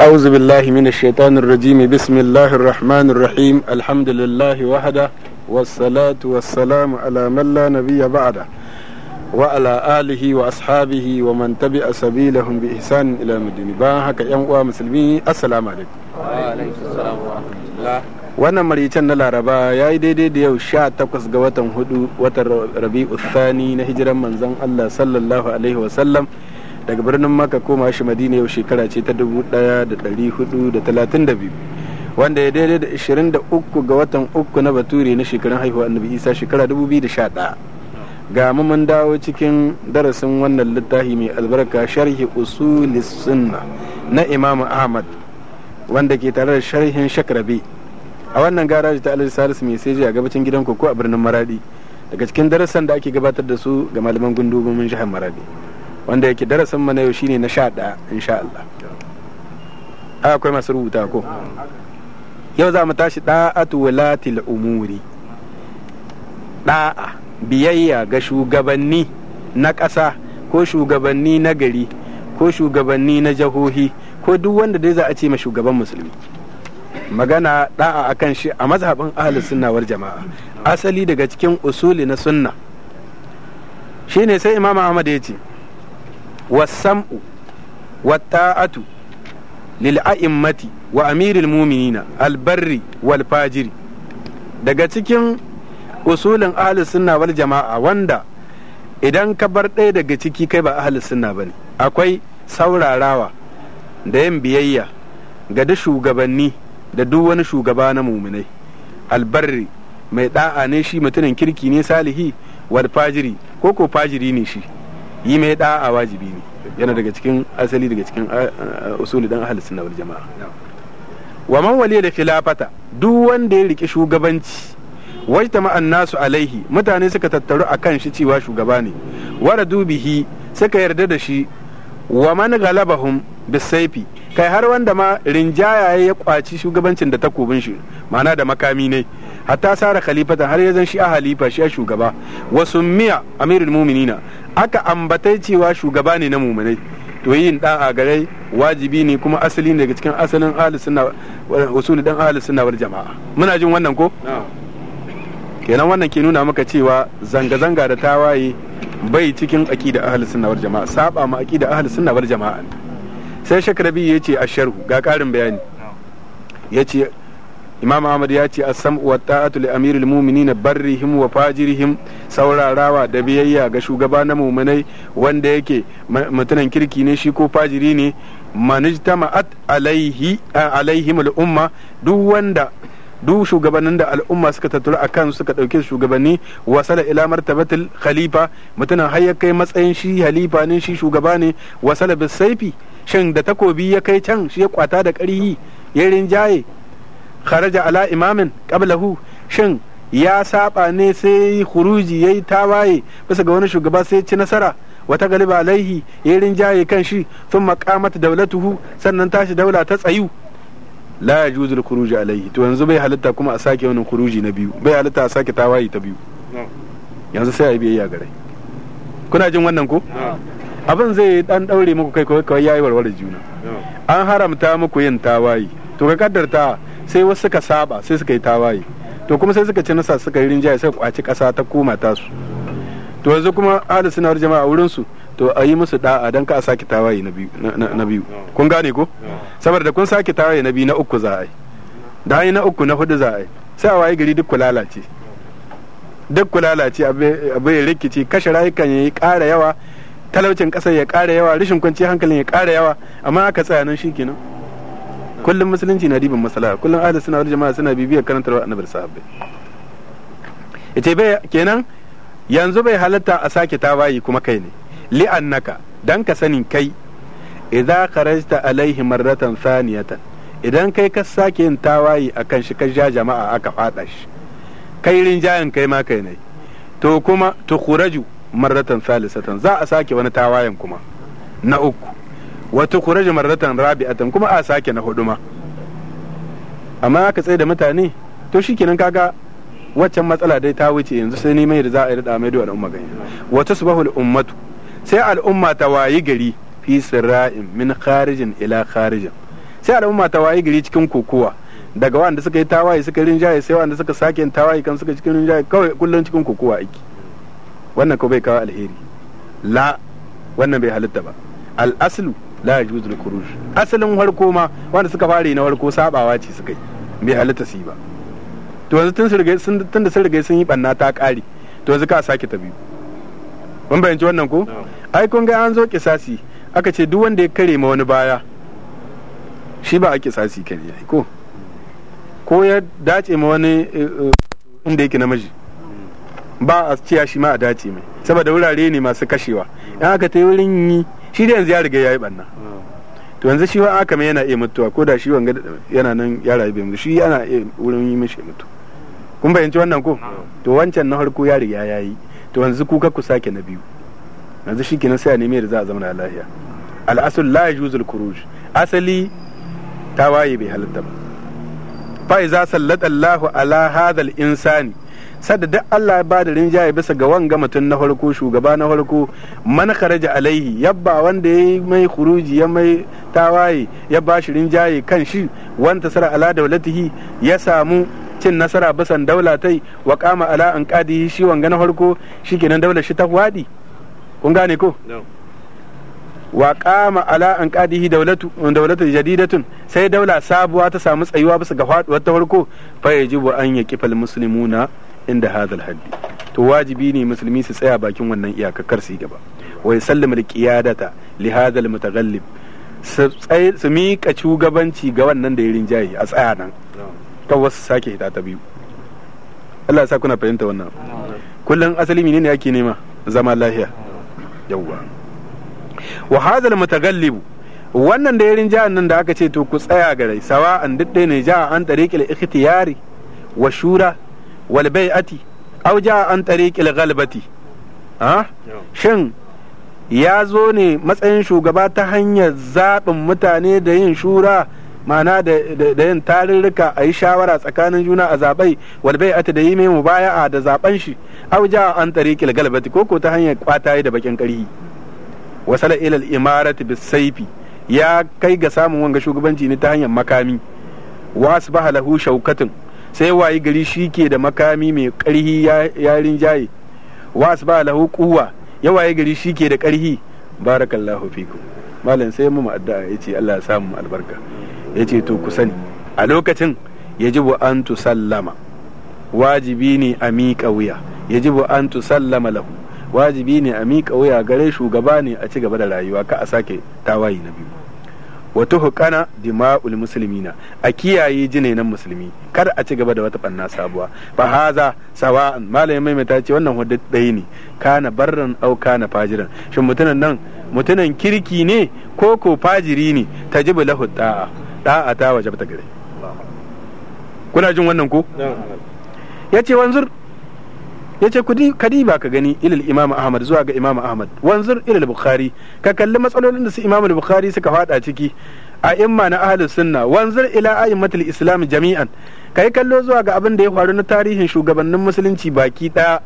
أعوذ بالله من الشيطان الرجيم بسم الله الرحمن الرحيم الحمد لله وحده والصلاة والسلام على من لا نبي بعده وعلى آله وأصحابه ومن تبع سبيلهم بإحسان إلى مدين باهك يا مسلمين السلام عليكم وعليكم السلام ورحمة الله wannan maricen na laraba ya yi daidai da yau sha takwas ga watan hudu watan rabi'u thani na hijiran manzon allah sallallahu alaihi wasallam daga birnin maka koma shi madina yau shekara ce ta 1432 wanda ya daidai da 23 ga watan uku na bature na shekarun haihuwa annabi isa shekara 2011 ga mun dawo cikin darasin wannan littafi mai albarka sharhi usulis sunna na imamu ahmad wanda ke tare da sharhin shakrabi a wannan garaji ta alhaji salisu mai sai a gabacin gidan koko a birnin maradi daga cikin darasan da ake gabatar da su ga malaman gundumomin jihar maradi wanda yake darasin mana yau shine na sha ɗaya insha Allah akwai masu rubuta ko yau za mu tashi ɗa'atu walatil umuri ɗa'a biyayya ga shugabanni na ƙasa ko shugabanni na gari ko shugabanni na jahohi ko duk wanda dai za a ce ma shugaban musulmi magana ɗa'a akan shi a mazhabin ahlus sunna jama'a asali daga cikin usuli na sunna shine sai imam ahmad ya ce wasam'u watta'atu lil'a'immati wa amiril muminina albarri wal daga cikin usulin ahlus sunna wal jama'a wanda idan ka bar ɗaya daga ciki kai ba ahlus sunna ne. akwai saurarawa da yin biyayya ga duk shugabanni da duk wani shugaba na muminai albarri mai da'a ne shi mutumin kirki ne salihi wal fajiri ko ko fajiri ne shi yi mai da'a wajibi ne yana daga cikin asali daga cikin usuli dan ahlus sunna wal jama'a wa man da khilafata duk wanda ya riki shugabanci wajtama annasu alaihi mutane suka tattaru akan shi cewa shugaba ne wara dubihi suka yarda da shi wa man galabahum bisaifi kai har wanda ma rinjaya ya kwaci shugabancin da takobin shi ma'ana da makami ne hatta sara khalifatan har ya zan shi a halifa shi a shugaba wa summiya amirul mu'minina aka ambatai cewa shugaba ne na mu'minai to yin da a garai wajibi ne kuma asali daga cikin asalin ahli sunna wasu dan ahli sunna wal jama'a muna jin wannan ko kenan wannan ke nuna maka cewa zanga zanga da tawaye bai cikin aqida ahli sunna wal jama'a saba ma aqida ahli sunna wal jama'a sai shakrabi yace asharhu ga karin bayani yace imam ahmad ya ce asam wa ta'atu li amiril mu'minin barrihim wa fajirihim saurarawa da biyayya ga shugaba na mu'minai wanda yake mutunan kirki ne shi ko fajiri ne manijtama'at alaihi alaihim al'umma duk wanda duk shugabannin da al'umma suka tattura a kan suka ɗauke shugabanni wasala ila martabatil khalifa mutumin har ya kai matsayin shi halifa ne shi shugaba ne wasala bisaifi shin da takobi ya kai can shi ya kwata da ƙarhi ya rinjaye kharaja ala imamin qablahu shin ya saba ne sai khuruji yayi tawaye bisa ga wani shugaba sai ci nasara wata galiba alaihi ya rinjaye kan shi sun maqamat daulatuhu sannan tashi daula ta tsayu la yajuzu al-khuruj alaihi to yanzu bai halitta kuma a sake wani khuruji na biyu bai halitta a sake tawaye ta biyu yanzu sai a biyayya gare kuna jin wannan ko abin zai dan daure muku kai kawai yayi warware juna an haramta muku yin tawaye to ka kaddarta sai wasu suka saba sai suka yi tawaye to kuma sai suka ci nasa suka yi rinjaye sai kwaci kasa ta koma tasu to yanzu kuma ahli sunnah jama'a wurin su to a yi musu da'a dan ka a saki tawaye na biyu kun gane ko saboda kun saki tawaye na biyu na uku za a yi da yi na uku na hudu za a yi sai a waye gari duk ku lalace duk ku lalace abu ya rikici kashe rayukan ya yi kara yawa talaucin ƙasar ya kara yawa rashin kwanciyar hankalin ya kara yawa amma aka tsaya nan shikenan kullum musulunci na ribin maslaha kullum ahlus sunna wal jama'a suna bibiyar karantarwar annabi sahabbai ita bai kenan yanzu bai halatta a sake tawayi kuma kai ne li'annaka dan ka sanin kai idza kharajta alaihi marratan thaniyatan idan kai ka sake yin tawayi akan shi ka ja jama'a aka fada shi kai rinjayen kai ma kai ne to kuma tukhraju marratan salisatan za a sake wani tawaye kuma na uku wata kuraji maratan rabi'atan kuma a sake na hudu ma amma aka tsaye da mutane to shikenan kaga waccan matsala dai ta wuce yanzu sai ni mai da za a yi da mai da umma gani wata subahul ummatu sai al'umma ta wayi gari fi sirra'in min kharijin ila kharijin sai al'umma ta wayi gari cikin kokowa daga wanda suka yi tawaye suka rinjaye sai wanda suka sake tawaye kan suka cikin rinjaye kawai kullum cikin kokowa aiki wannan ko bai kawo alheri la wannan bai halitta ba al'aslu la yajuzul kuruj. asalin harko ma wanda suka fara na harko sabawa ce suka yi bai halatta su ba to yanzu tun riga sun tun da sun riga sun yi banna ta kare to yanzu ka sake ta biyu mun bayanci wannan ko ai kun ga an zo kisasi aka ce duk wanda ya kare ma wani baya shi ba a kisasi kare ai ko ko ya dace ma wani eh, eh, inda yake namiji ba a ciya shi ma a dace mai saboda wurare ne masu kashewa in aka ta yi wurin yi shi da yanzu ya riga ya yi banna to yanzu shi wa aka mai yana iya mutuwa ko da shi wanga yana nan ya rayu bai mutu shi yana iya wurin yi mishi mutu kun bayanci wannan ko to wancan na harko ya riga ya yi to yanzu kuka ku sake na biyu yanzu shi kenan sai a nemi da za a zama da lafiya al'asul la yajuzul khuruj asali tawaye bai halatta ba fa iza sallata Allahu ala hadha al-insani sadda duk Allah ya bada rinjaye bisa ga wanga mutum na farko shugaba na farko man kharaja alaihi yabba wanda yayi mai khuruji ya mai tawaye ya bashi rinjaye kan shi wanda sara ala dawlatihi ya samu cin nasara bisan daulatai wa kama ala an kadihi shi wanga na farko shikenan daular shi ta wadi kun gane ko wa kama ala an kadihi dawlatu dawlatu jadidatun sai daula sabuwa ta samu tsayuwa bisa ga faduwar ta farko fa yajibu an yaqifal muslimuna inda hadal haddi to wajibi ne musulmi su tsaya bakin wannan iyakakar su gaba wa yusallimu alqiyadata li mutaghallib su shugabanci ga wannan da ya rinjaye a tsaya nan ta wasu sake hita ta biyu Allah sa kuna fahimta wannan kullum asali menene yake nema zama lahiya yawwa wa wannan da nan da aka ce to ku tsaya gare sawa an didde ne jaha an tariqil ikhtiyari wa shura wal bai'ati aw ja an tariqil ghalbati ha shin ya zo ne matsayin shugaba ta hanyar zaɓin mutane da yin shura ma'ana da yin tarurruka a yi shawara tsakanin juna a zaɓai walbai ati da yi mai mubaya'a da zaɓen shi au ja an tariqil galbati koko ta hanyar yi da bakin ƙarhi wasala ilal imarati bis saifi ya kai ga samun wanga shugabanci ne ta hanyar makami wasu bahalahu shaukatin sai wayi gari shi ke da makami mai ƙarhi ya rinjaye wa ba lahu kuwa ya wayi gari shi ke da ƙarhi barakallahu fikum malam sai mu addu'a yace Allah ya samu albarka yace to ku sani a lokacin yajibu an tusallama wajibi ne a miƙa wuya yajibu an tusallama lahu wajibi ne a miƙa wuya gare shugaba ne a ci gaba da rayuwa ka a sake tawayi na biyu wato hukana dima'ul muslimina a kiyaye jinainan musulmi kar a ci gaba da wata banna sabuwa fa haza sawa'an malamin maimaita ce wannan hudda ɗaya ne kana barran au kana fajiran shin mutunan nan mutunan kirki ne ko ko fajiri ne tajibu lahu da'a da'a ta wajabta gare kuna jin wannan ko yace wanzur ya ce kudi kadiba ka gani ilil imam ahmad zuwa ga imam ahmad wanzur ilil bukhari ka kalli matsalolin da su imam bukhari suka fada ciki a imma na ahli sunna wanzur ila a'immatul islam jami'an kai kallo zuwa ga abin da ya faru na tarihin shugabannin musulunci baki daya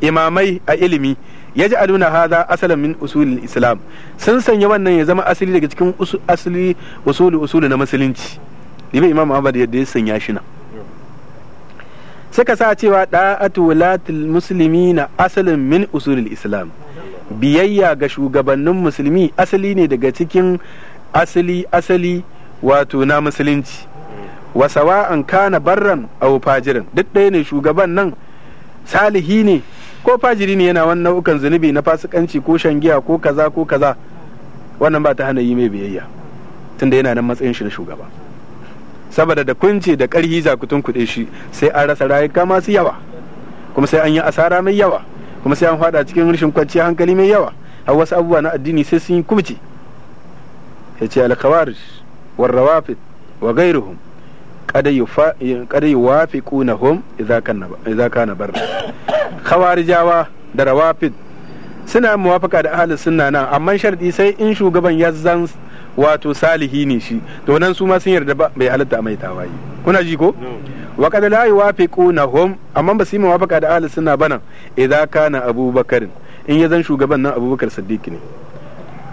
imamai a ilimi ya ji aluna haza asalin min usulin islam sun sanya wannan ya zama asali daga cikin asali usuli usuli na musulunci imam ahmad yadda ya sanya shi na suka sa cewa da'atu wulatul musulmi na asalin min usulul islam biyayya ga shugabannin musulmi asali ne daga cikin asali asali wato na musulunci wasawa an kana barran au fajirin duk ɗaya ne shugaban nan salihi ne ko fajiri ne yana wani nau'ukan zunubi na fasikanci ko shangiya ko kaza ko kaza wannan ba ta hana yi mai biyayya tunda yana nan matsayin shi na shugaba saboda da kunci da ƙarhi za ku tunkuɗe shi sai an rasa rayuka masu yawa kuma sai an yi asara mai yawa kuma sai an fada cikin rashin kwanciyar hankali mai yawa har wasu abubuwa na addini sai sun yi kubce ya ce alkawarij warrawafid wa gairuhum kada yi wafi kunahum idza kana bar khawarijawa da rawafid suna muwafaka da ahalin sunna nan amma sharɗi sai in shugaban ya wato salihi ne shi to nan su ma sun yarda ba bai halatta mai tawaye kuna ji ko wa kad la yuwafiqunahum amma ba su yi wafaka da ahli sunna bana idza kana abubakar in ya zan shugaban nan abubakar siddiq ne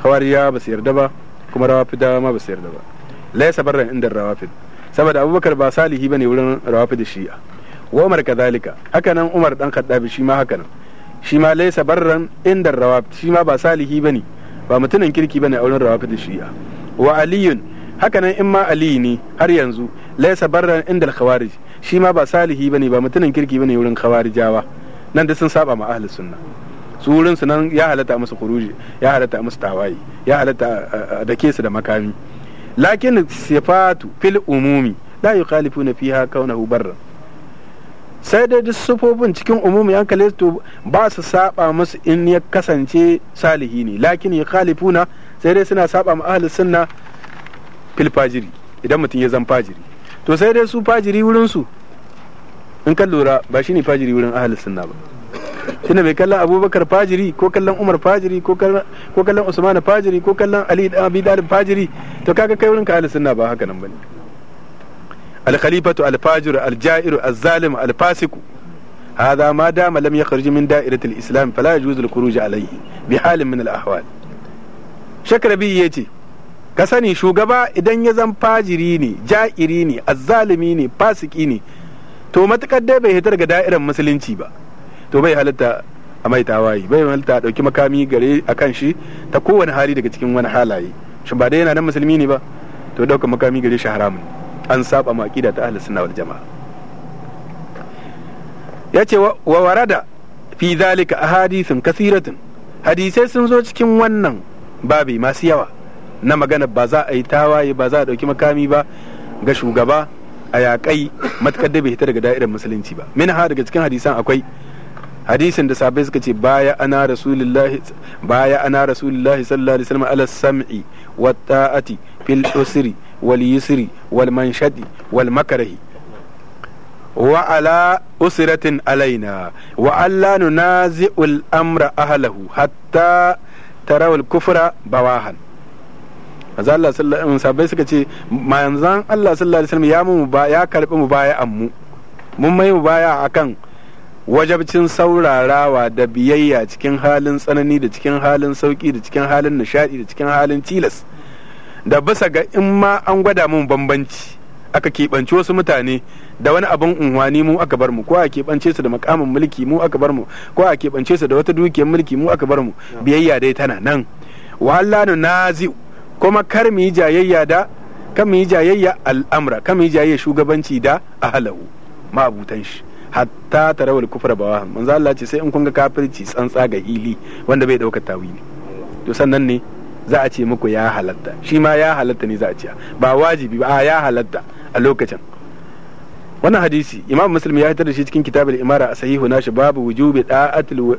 khawariya ba su yarda ba kuma rawafidawa ma ba su yarda ba laysa barran inda rawafid saboda abubakar ba salihi bane wurin rawafid shi'a wa umar kadhalika haka nan umar dan khattabi shi ma haka nan shi ma laysa barran inda rawafid shi ma ba salihi bane ba mutumin kirki bane a wurin rawafid shi'a wa aliyun hakanan in ma aliyu ne har yanzu laisa barran inda khawarij shi ma ba salihi bane ba mutumin kirki bane wurin khawarijawa nan da sun saba ma ahli sunna su wurin su nan ya halatta musu kuruji ya halatta musu tawayi ya halatta eh, eh, da ke su da makami lakin sifatu fil umumi la yukhalifuna fiha kaunahu barran sai dai duk sufofin cikin umumi an kale to ba su saba musu in ya kasance salihi ne lakin yukhalifuna sai dai suna saba ma ahlus sunna fil fajiri idan mutum ya zan fajiri to sai dai su fajiri wurin su in kan lura ba shine fajiri wurin ahlus sunna ba shine bai kallon abubakar fajiri ko kallon umar fajiri ko kallon usman fajiri ko kallon ali abi dalib fajiri to kaga kai wurin ka ahlus sunna ba haka nan bane al khalifatu al fajir al ja'ir al zalim al fasik هذا ما دام لم يخرج من دائرة الإسلام فلا يجوز الخروج عليه بحال من الأحوال shakarabi ya ce ka sani shugaba idan ya zan fajiri ne ja'iri ne azzalimi ne fasiki ne to matukar dai bai hitar ga da'irar musulunci ba to bai halitta a mai tawaye bai halitta a ɗauki makami gare a kan shi ta kowane hali daga cikin wani halaye shi ba dai yana nan musulmi ne ba to ɗaukar makami gare shi haramun an saba ma aqida ta ahlus sunna wal jamaa Ya ce wa warada fi zalika ahadithun kasiratun hadisai sun zo cikin wannan babi masu yawa na magana ba za a yi tawaye ba za a ɗauki makami ba ga shugaba a yaƙai matukar da bai hita daga da'irar musulunci ba min ha daga cikin hadisan akwai hadisin da sabai suka ce baya ana rasulullahi baya ana rasulullahi sallallahu alaihi wasallam ala sam'i wa ta'ati fil usri wal yusri wal manshadi wal makarahi. wa ala usratin alaina wa alla nunazi'ul amra ahlahu hatta tarawul kufra bawahan manzo Allah sallallahu alaihi suka ce manzon Allah sallallahu alaihi wasallam ya mu ya karbi mu baya mu mun mai mu baya akan wajabcin saurarawa da biyayya cikin halin tsanani da cikin halin sauki da cikin halin nishadi da cikin halin tilas da bisa ga in ma an gwada mun bambanci aka keɓance wasu mutane da wani abin unhwani mu aka bar mu ko a keɓance su da makamin mulki mu aka bar mu ko a keɓance su da wata dukiyar mulki mu aka bar mu biyayya dai tana nan wa na nazi kuma kar mu yi jayayya da kan mu yi jayayya al'amra kan mu yi jayayya shugabanci da ahalahu ma'abutan shi hatta tarawal kufra bawa manzo Allah ce sai in kun ga kafirci tsantsa ga hili wanda bai daukar tawili to sannan ne za a ce muku ya halatta shi ma ya halatta ne za a ce ba wajibi ba ya halatta a lokacin wannan hadisi imam muslim ya fitar da shi cikin kitabul imara a sahihu nashi babu wujubi da'atul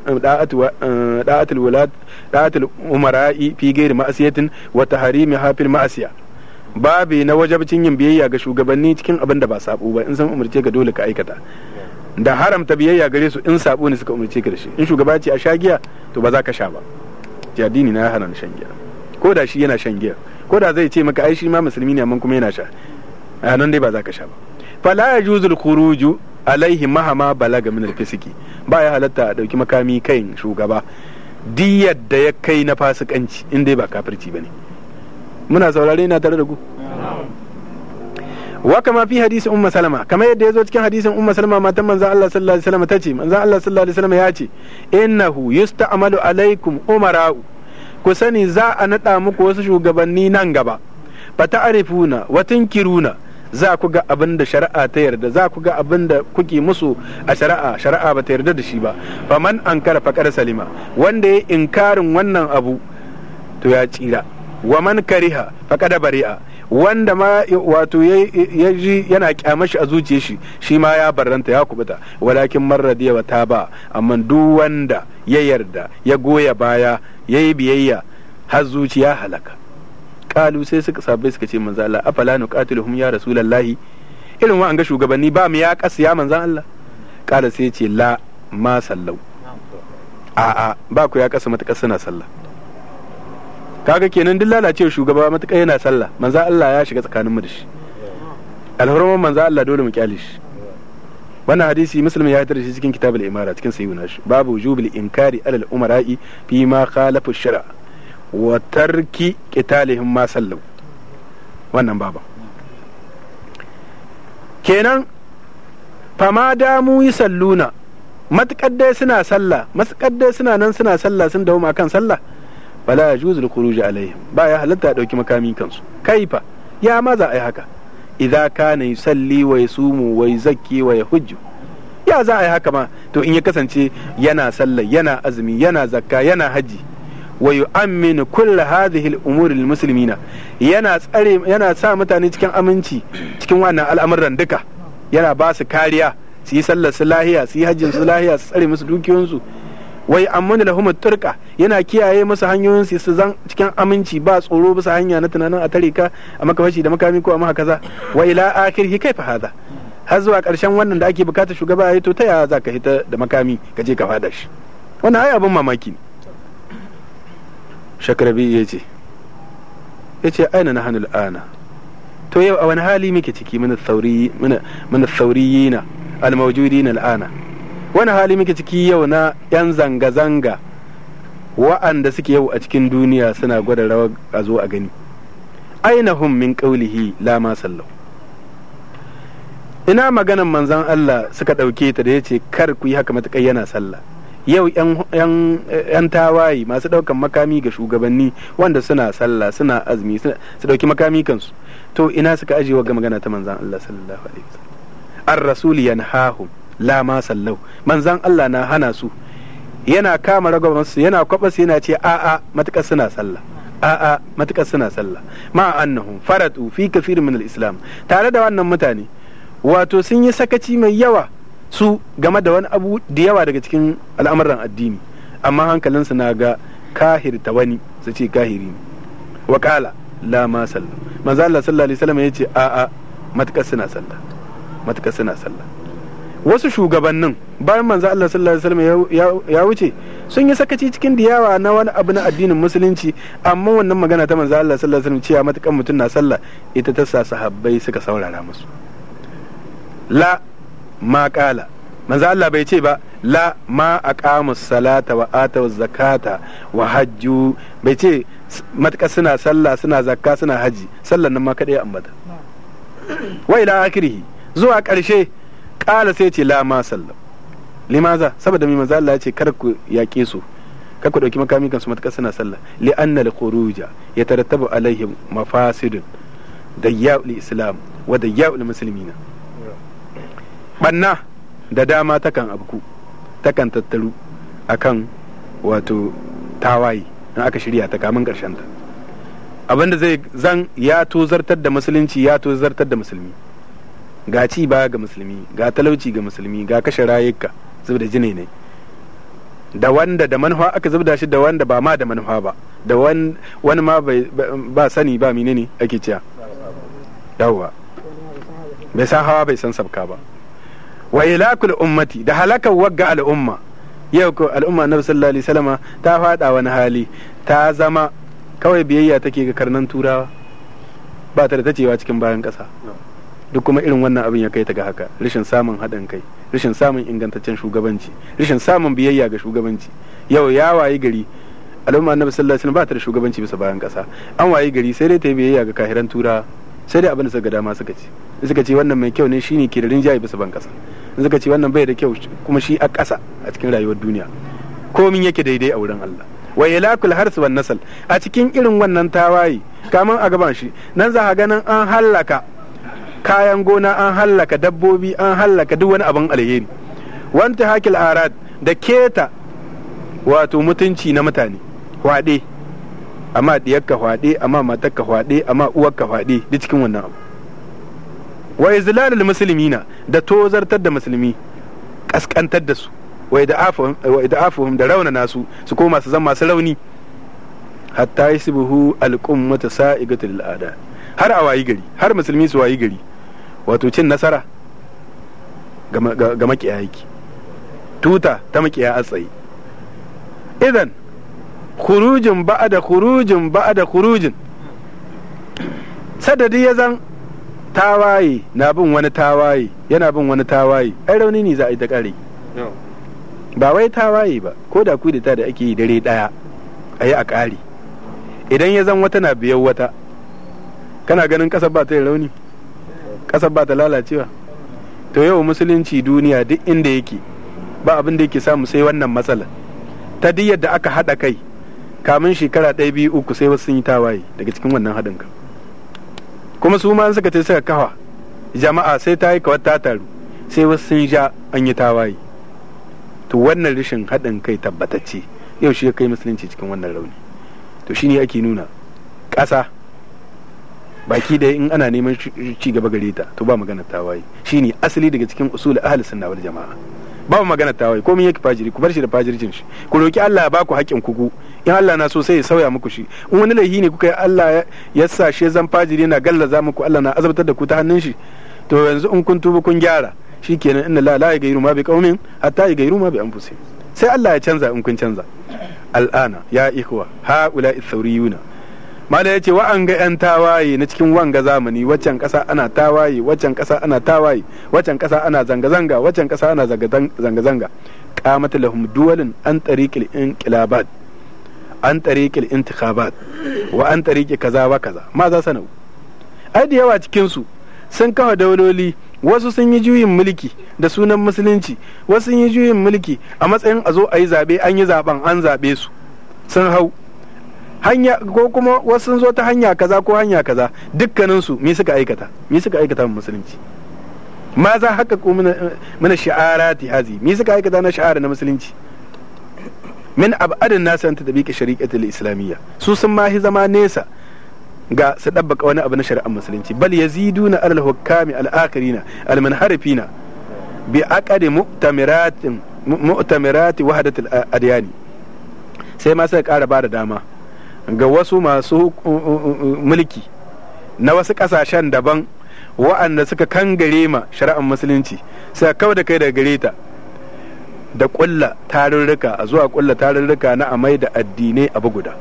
wulad eh, eh, da'atul umara'i fi gairi ma'asiyatin wa tahrimi hafil ma'asiya babu na wajabcin yin biyayya ga shugabanni cikin abin da ba sabo ba in san umarce ka dole ka aikata da haramta biyayya gare su in sabo ne suka umarce ka da shi in shugaba ce a sha giya to ba za ka sha ba jadini na hana shan giya ko da shi yana shan giya ko da zai ce maka ai shi ma musulmi ne amma kuma yana sha a ah, nan dai ba za ka sha ba fala ya juzul kuruju alaihi mahama bala ga minar fisiki ba ya halatta a ɗauki makami kai shugaba diyar da ya kai na fasikanci in dai ba kafirci ba ne muna saurare na tare da ku wa kama fi hadisin umma salama kamar yadda ya zo cikin hadisin umma salama matan manzan Allah sallallahu alaihi wasallam tace manzan Allah sallallahu alaihi wasallam ya ce innahu yusta'malu alaikum umara'u ku sani za a nada muku wasu shugabanni nan gaba fata'rifuna wa tunkiruna za ku ga abin da shari'a ta yarda za ku ga abin da kuke musu a shari'a shari'a ba ta yarda da shi ba man an kara faƙar salima wanda ya inkarin wannan abu to ya tsira wa man kariha faƙada bari'a wanda ma wato ya ji yana kyamashi a zuciyar shi shi ma ya barranta ya kubuta walakin yawa ta ba amma duk wanda ya yarda ya goya baya ya yi biyayya har zuciya halaka qalu sai suka sabai suka ce manzo Allah afala nuqatiluhum ya rasulullahi irin wa'an ga shugabanni ba mu ya kasu ya manzo Allah kala sai ce la ma sallau a'a ba ku ya kasa matakar suna sallah kaga kenan duk lalace shugaba matakar yana sallah manzo Allah ya shiga tsakanin mu da shi alhurman manzo Allah dole mu kyale shi wannan hadisi muslim ya tare cikin kitabul imara cikin sayyuna shi babu jubul inkari alal umara'i fi ma khalafu shar'a wa tarki qitalihim ma sallau wannan baba kenan fama damu yi salluna matuƙar dai suna sallah matuƙar dai suna nan suna sallah sun dawo kan sallah bala ya juzul khuruj alaihim ba ya halatta dauki makami kansu kaifa ya ma za a yi haka idza kana yusalli wa yasumu wa yuzakki wa yahujju ya za a yi haka ma to in ya kasance yana sallah yana azumi yana zakka yana haji wa yu'amminu kull hadhihi al-umuri lil muslimina yana tsare yana sa mutane cikin aminci cikin wannan al'amuran duka yana ba su kariya su yi sallar su lahiya su yi hajjin su lahiya su tsare musu dukiyoyinsu wai amman lahum turka yana kiyaye musu hanyoyin su su zan cikin aminci ba tsoro bisa hanya na tunanin a tare ka a maka fashi da makami ko a maka kaza wa ila akhirhi kaifa hadha har zuwa karshen wannan da ake bukata shugaba ya to ta yaya zaka hita da makami ka je ka fada shi wannan ayabin abin mamaki ne shakarabi ya ce ya ce aina na hannun ana to yau a wani hali muke ciki mana sauriyi na almaujudi na al'ana wani hali muke ciki yau na 'yan zanga-zanga wa'anda suke yau a cikin duniya suna gwada rawa a zo a gani hun min kaulihi la ma sallau ina maganan manzon Allah suka ɗauke ta da yace kar ku yi haka matakai yana sallah yau yan tawaye masu daukan makami ga shugabanni wanda suna sallah suna azumi su dauki makami kansu to ina suka aje wa magana ta manzan Allah sallallahu alaihi wasallam ar rasul yanhahum la ma sallau manzan Allah na hana su yana kama ragabansu yana kwabas yana ce a'a matukar suna sallah a'a matukar suna sallah ma annahum faratu fi kafir min al-islam tare da wannan mutane wato sun yi sakaci mai yawa su game da wani abu da yawa daga cikin al'amuran addini amma hankalinsu na ga kahirta wani su ce kahiri ne wakala la ma sallah manzo Allah sallallahu alaihi wasallam yace a a matakar suna sallah matakar suna salla wasu shugabannin bayan manzo Allah sallallahu alaihi wasallam ya wuce sun yi sakaci cikin diyawa na wani abu na addinin musulunci amma wannan magana ta manzo Allah sallallahu alaihi wasallam cewa matakan mutum na sallah ita ta sa sahabbai suka saurara musu la ma kala manzo Allah bai ce ba la ma aqamu salata wa atu zakata wa hajju bai ce matka suna sallah suna zakka suna haji sallan nan ma kadai ambata wa ila akhirih zuwa karshe kala sai ce la ma sallam limaza saboda mai manzo Allah ya ce kar ku yaƙe su kar ku dauki makami kan su matka suna sallah li anna al khuruja yatarattabu alaihim mafasidun dayya'ul islam wa dayya'ul muslimina banna da dama takan abku takan tattaru akan wato tawaye in aka shirya ta kamun ta abinda zai zan ya tozartar da musulunci ya tozartar da musulmi ga ci ba ga musulmi ga talauci ga musulmi ga kashe rayuka zubda jini ne da wanda da manufa aka zubda shi da wanda ba ma da manufa ba da wani ma ba sani ba menene ake cewa dawa bai san hawa bai san sabka ba wa ilakul ummati da halakar wagga al'umma yau ko al'umma na sallallahu alaihi wasallama ta fada wani hali ta zama kawai biyayya take ga karnan turawa ba ta da ta cewa cikin bayan kasa. duk kuma irin wannan abin ya kai ta ga haka rashin samun haɗin kai rashin samun ingantaccen shugabanci rashin samun biyayya ga shugabanci yau ya wayi gari al'umma annabi sallallahu alaihi wasallam ba ta da shugabanci bisa bayan kasa an wayi gari sai dai ta yi biyayya ga kahiran turawa sai dai abin da suka ga dama suka ci suka ce wannan mai kyau ne shine ke da rinjaye bisa ban kasa suka ce wannan bai da kyau kuma shi a kasa a cikin rayuwar duniya komin yake daidai a wurin Allah wa ilakul hars ban nasal a cikin irin wannan tawaye kaman a gaban shi nan za a ganin an hallaka kayan gona an hallaka dabbobi an hallaka duk wani abin alheri wanta hakil arad da keta wato mutunci na mutane hwaɗe amma diyakka hwaɗe amma matakka hwaɗe amma uwarka hwaɗe duk cikin wannan abu wa izlalul muslimina da tozartar da musulmi kaskantar da su wa ida'afuhum da raunana su su koma su zama masu rauni hatta yasbuhu alqummatu sa'igatul al'ada har a wayi gari har musulmi su wayi gari wato cin nasara ga makiya yake tuta ta makiya a tsaye idan khurujin ba'a da khurujin ba'a da khurujin sadadi ya zan tawaye na bin wani tawaye yana bin wani tawaye ai rauni ne za a yi ta kare ba wai tawaye ba ko da kudita da ake yi dare daya a yi a kare idan ya zan wata na biyan wata kana ganin kasar ba ta yi rauni kasar ba ta lalacewa to yau musulunci duniya duk inda yake ba abin da yake samu sai wannan matsala ta duk yadda aka haɗa kai kamin shekara ɗaya biyu uku sai wasu sun yi tawaye daga cikin wannan haɗin kan kuma su ma suka ce suka kafa jama'a sai ta yi kawar ta taru sai wasu sun ja an yi tawaye to wannan rashin haɗin kai tabbatacce yau shi ya kai musulunci cikin wannan rauni to shi shine ake nuna ƙasa baki da in ana neman ci gaba gare ta to ba magana waye shine asali daga cikin usul ahli sunna wal jamaa ba magana waye komai yake fajiri ku bar shi da fajircin shi ku roki Allah ya ku haƙin ku in Allah na so sai ya sauya muku shi in wani laifi ne kuka yi Allah ya sa shi zan fajiri na gallaza muku Allah na azabtar da ku ta hannun shi to yanzu in kun tuba kun gyara shikenan inna la la yagayru ma bi qaumin hatta yagayru ma bi anfusihim sai Allah ya canza in kun canza al'ana ya ikhwa haula thawriyuna mala ya ce wa an ga 'yan tawaye na cikin wanga zamani waccan ƙasa ana tawaye waccan ƙasa ana tawaye waccan ƙasa ana zanga-zanga waccan ƙasa ana zanga-zanga kamata lahum duwalin an tariqil inqilabat an tariqil intikhabat wa an tariqi kaza wa kaza ma za sanau ai da yawa cikin su sun kawo dauloli wasu sun yi juyin mulki da sunan musulunci wasu sun yi juyin mulki a matsayin a zo a yi zaɓe an yi zaɓen an zaɓe su sun hau hanya ko kuma wasu sun zo ta hanya kaza ko hanya kaza dukkanin su me suka aikata me suka aikata mu musulunci ma za haka ko mana shi'arati hazi me suka aikata na shi'ara na musulunci min ab'adin nasu an tadbiqi shari'atul islamiyya su sun ma hi zama nesa ga su dabbaka wani abu na shari'ar musulunci bal yaziduna alal hukami al akhirina al munharifina bi aqadi mu'tamiratin mu'tamirati wahdatul adyani sai ma sai ƙara ba da dama ga wasu masu mulki na wasu kasashen daban wa'anda suka kangare ma shari'ar musulunci suka kawai da kai daga gare ta da ƙulla tarurruka a zuwa ƙulla tarurruka na amai da addinai abu guda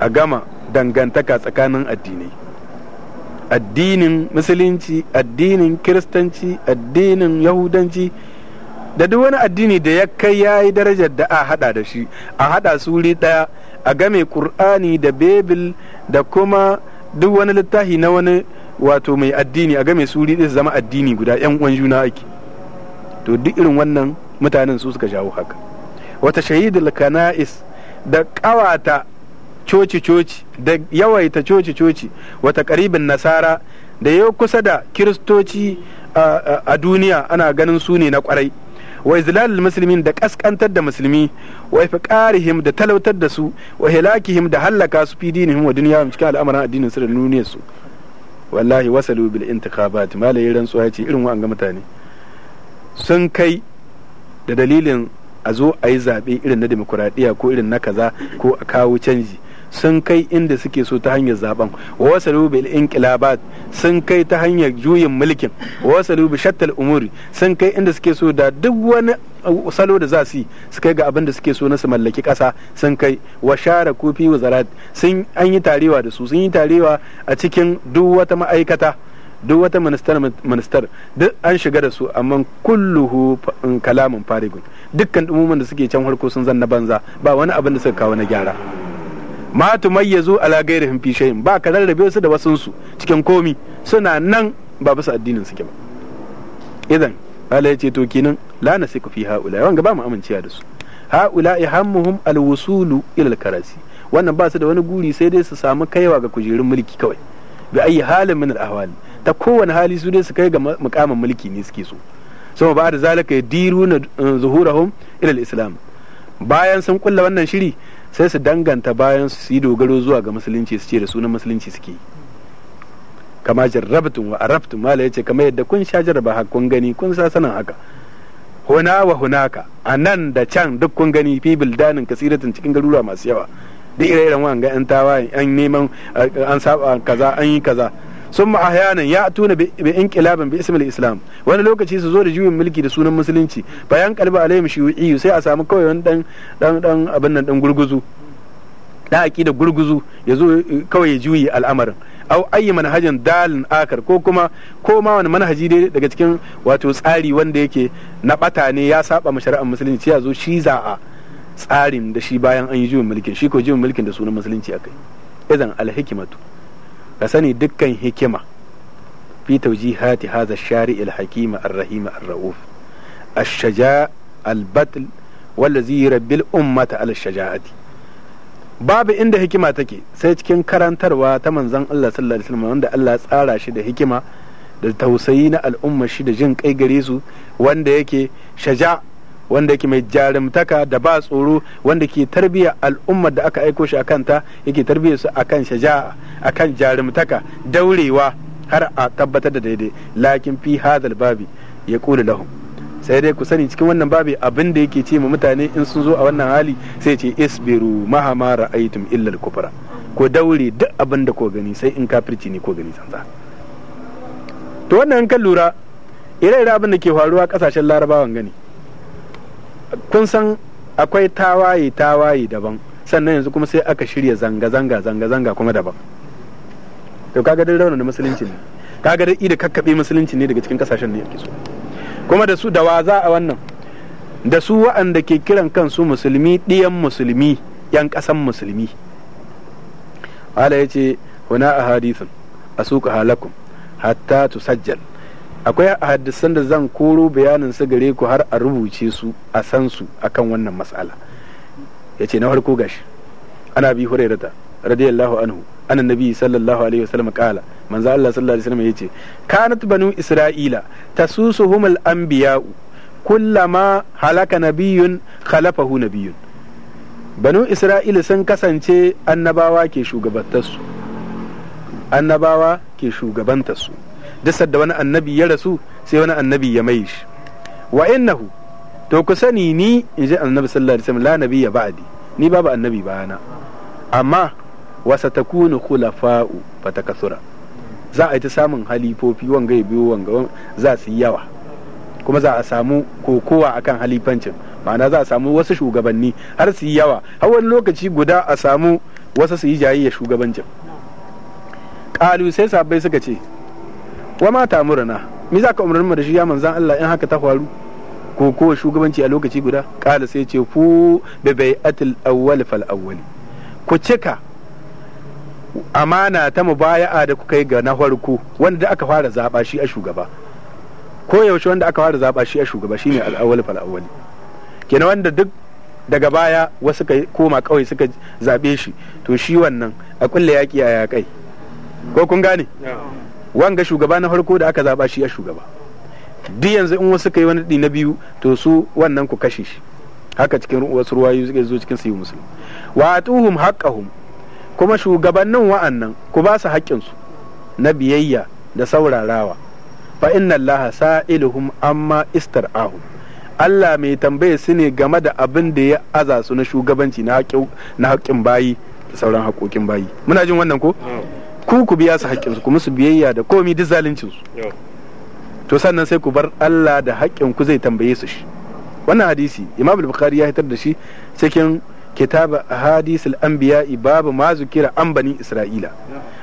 a gama dangantaka tsakanin addinai addinin musulunci addinin kiristanci addinin yahudanci da duk wani addini da ya kai ya yi darajar da a hada da shi a hada su wuri daya a game kur'ani da bebil da kuma duk wani littafi na wani wato mai addini a game su su zama addini guda yan uwan juna ake to duk irin wannan mutanen su suka jawo haka wata shahidul kana'is da ƙawata coci-coci da yawaita coci-coci wata karibin nasara da ya kusa da kiristoci a duniya ana ganin su ne na kwarai wa izlalil muslimin da kaskantar da musulmi wa ifqarihim da talautar da su wa hilakihim da hallaka su fi dinihim wa dunyahum cikin al'amuran addinin su da nune su wallahi wasalu bil intikhabat malai rantsuwa ce irin an ga mutane sun kai da dalilin a zo a yi zaɓe irin na demokuraɗiyya ko irin na kaza ko a kawo canji sun kai inda suke so ta hanyar zaben wasu wasalu bil inqilabat sun kai ta hanyar juyin mulkin wasu bi shattal umuri sun kai inda suke so da duk wani uh, salo da za su yi su kai ga abin da suke so na su mallaki kasa sun kai wa share wa wazarat sun an yi tarewa da su sun yi tarewa a cikin duk wata ma'aikata duk wata ministar minister duk an shiga da su amma kulluhu kalamin farigun dukkan dumumin da suke can harko sun zanna banza ba wani abin da suka kawo na gyara ma tumayyazu ala ghairihim fi shay'in ba ka rarrabe su da wasunsu cikin komi suna nan ba bisa addinin suke ba idan ala ya ce to kinan la nasiku fi haula wanga ba mu amincewa da su haula ihammuhum alwusulu ila alkarasi wannan ba su da wani guri sai dai su samu kaiwa ga kujerun mulki kawai bi ayi halin min alahwal ta kowane hali su dai su kai ga mukamin mulki ne suke so sama ba da zalika yadiruna eh, zuhurahum ila alislam bayan sun kulla wannan shiri sai su danganta bayan su yi dogaro zuwa ga musulunci su ce da sunan musulunci suke kama jarrabtun wa arabtun mala yace kama yadda kun sha jarraba haka gani kun sa sanin haka huna wa hunaka a nan da can duk kun gani fi bildanin kasiratin cikin garuruwa masu yawa duk ire-iren ga 'yan tawayen 'yan neman an saba kaza an yi kaza Sun ma ahyanan ya tuna bi inqilabin bi ismil islam wani lokaci su zo da juyin mulki da sunan musulunci bayan kalba alaihim shi'i sai a samu kawai wani dan dan dan abin nan dan gurguzu da aqida gurguzu yazo kawai ya juyi al'amarin au ayi manhajin dalin akar ko kuma ko ma wani manhaji dai daga cikin wato tsari wanda yake na bata ne ya saba ma shari'ar musulunci ya zo shi za'a tsarin da shi bayan an yi juyin mulkin shi ko juyin mulkin da sunan musulunci akai idan alhikimatu ka sani dukkan hikima fi hati haza shari al-hakim al rahim ar-rauf ash-shaja al ummata al-shaja'ati babu inda hikima take sai cikin karantarwa ta manzan Allah sallallahu alaihi wasallam wanda Allah tsara shi da hikima da tausayi na al'umma shi da jin kai gare su wanda yake shaja' wanda yake mai jarumtaka da ba tsoro wanda ke tarbiyyar al'ummar da aka aiko shi akan ta yake tarbiyyar su akan shaja'a akan jarumtaka daurewa har a tabbatar da daidai lakin fi hadal babi ya kula lahum sai dai ku sani cikin wannan babi abin da yake ce ma mutane in sun zo a wannan hali sai ce isbiru mahama ra'aytum illa al-kufra ko daure duk abin da ko gani sai in kafirci ne ko gani sansa to wannan kan lura ire-ire abin da ke faruwa kasashen larabawan gani kun san akwai tawaye tawaye daban sannan yanzu kuma sai aka shirya zanga-zanga zanga-zanga kuma daban to kaga dai raunin musulunci ne kaga dai idan kakkaɓe musulunci ne daga cikin kasashen ne yake so kuma da su da waza a wannan da su wa'anda ke kiran kansu musulmi ɗiyan musulmi yan ƙasan musulmi wala ya ce huna a hadithun a suka halakum hatta tusajjal akwai hadisan da zan koro bayanin su gare ku har a rubuce su a san su akan wannan matsala yace na farko gashi ana bi ta radiyallahu anhu an nabi sallallahu alaihi wasallam kala manzo Allah sallallahu alaihi wasallam yace kanat banu isra'ila tasusuhumul anbiya'u kullama halaka nabiyyun khalafahu nabiyyun banu isra'ila sun kasance annabawa ke su annabawa ke shugabantarsu duk da wani annabi ya rasu sai wani annabi ya mai shi wa innahu to ku sani ni in ji annabi sallallahu alaihi wasallam la nabiyya ba'di ni babu annabi bayana amma wa satakunu khulafa'u kasura. za a yi ta samun halifofi wanga biyu wanga za su yi yawa kuma za a samu kokowa akan halifancin ma'ana za a samu wasu shugabanni har su yi yawa har wani lokaci guda a samu wasu su yi jayayya shugabancin ƙalu sai sabai suka ce wa ma tamuruna me za ka umarni mu da shi ya manzan Allah in haka ta faru ko ko shugabanci a lokaci guda kala sai ce ku bi bai'atul awwal fal awwal ku cika amana ta mubaya'a da kuka yi ga na farko wanda da aka fara zaba shi a shugaba ko yaushe wanda aka fara zaba shi a shugaba shine al awwal fal awwal kenan wanda duk daga baya wasu ka koma kawai suka zabe shi to shi wannan a kulle yaki a yakai ko kun gane wanga shugaba na farko da aka zaba shi a shugaba duk yanzu in wasu kai wani ɗi na biyu to su wannan ku kashe shi haka cikin wasu ruwayu suke zo cikin yi musulmi wa atuhum haqqahum kuma shugabannin wa'annan ku ba su haƙƙinsu na biyayya da saurarawa fa inna allaha sa'iluhum amma istar'ahu Allah mai tambaye su ne game da abin da ya aza su na shugabanci na haƙƙin bayi da sauran haƙoƙin bayi muna jin wannan ko ku ku biya su haƙƙinsu ku musu biyayya da komi duk zalincin su to sannan sai ku bar Allah da haƙƙin ku zai tambaye su shi wannan hadisi Imam al ya fitar da shi cikin kitab ahadis al-anbiya babu ma zukira an Isra'ila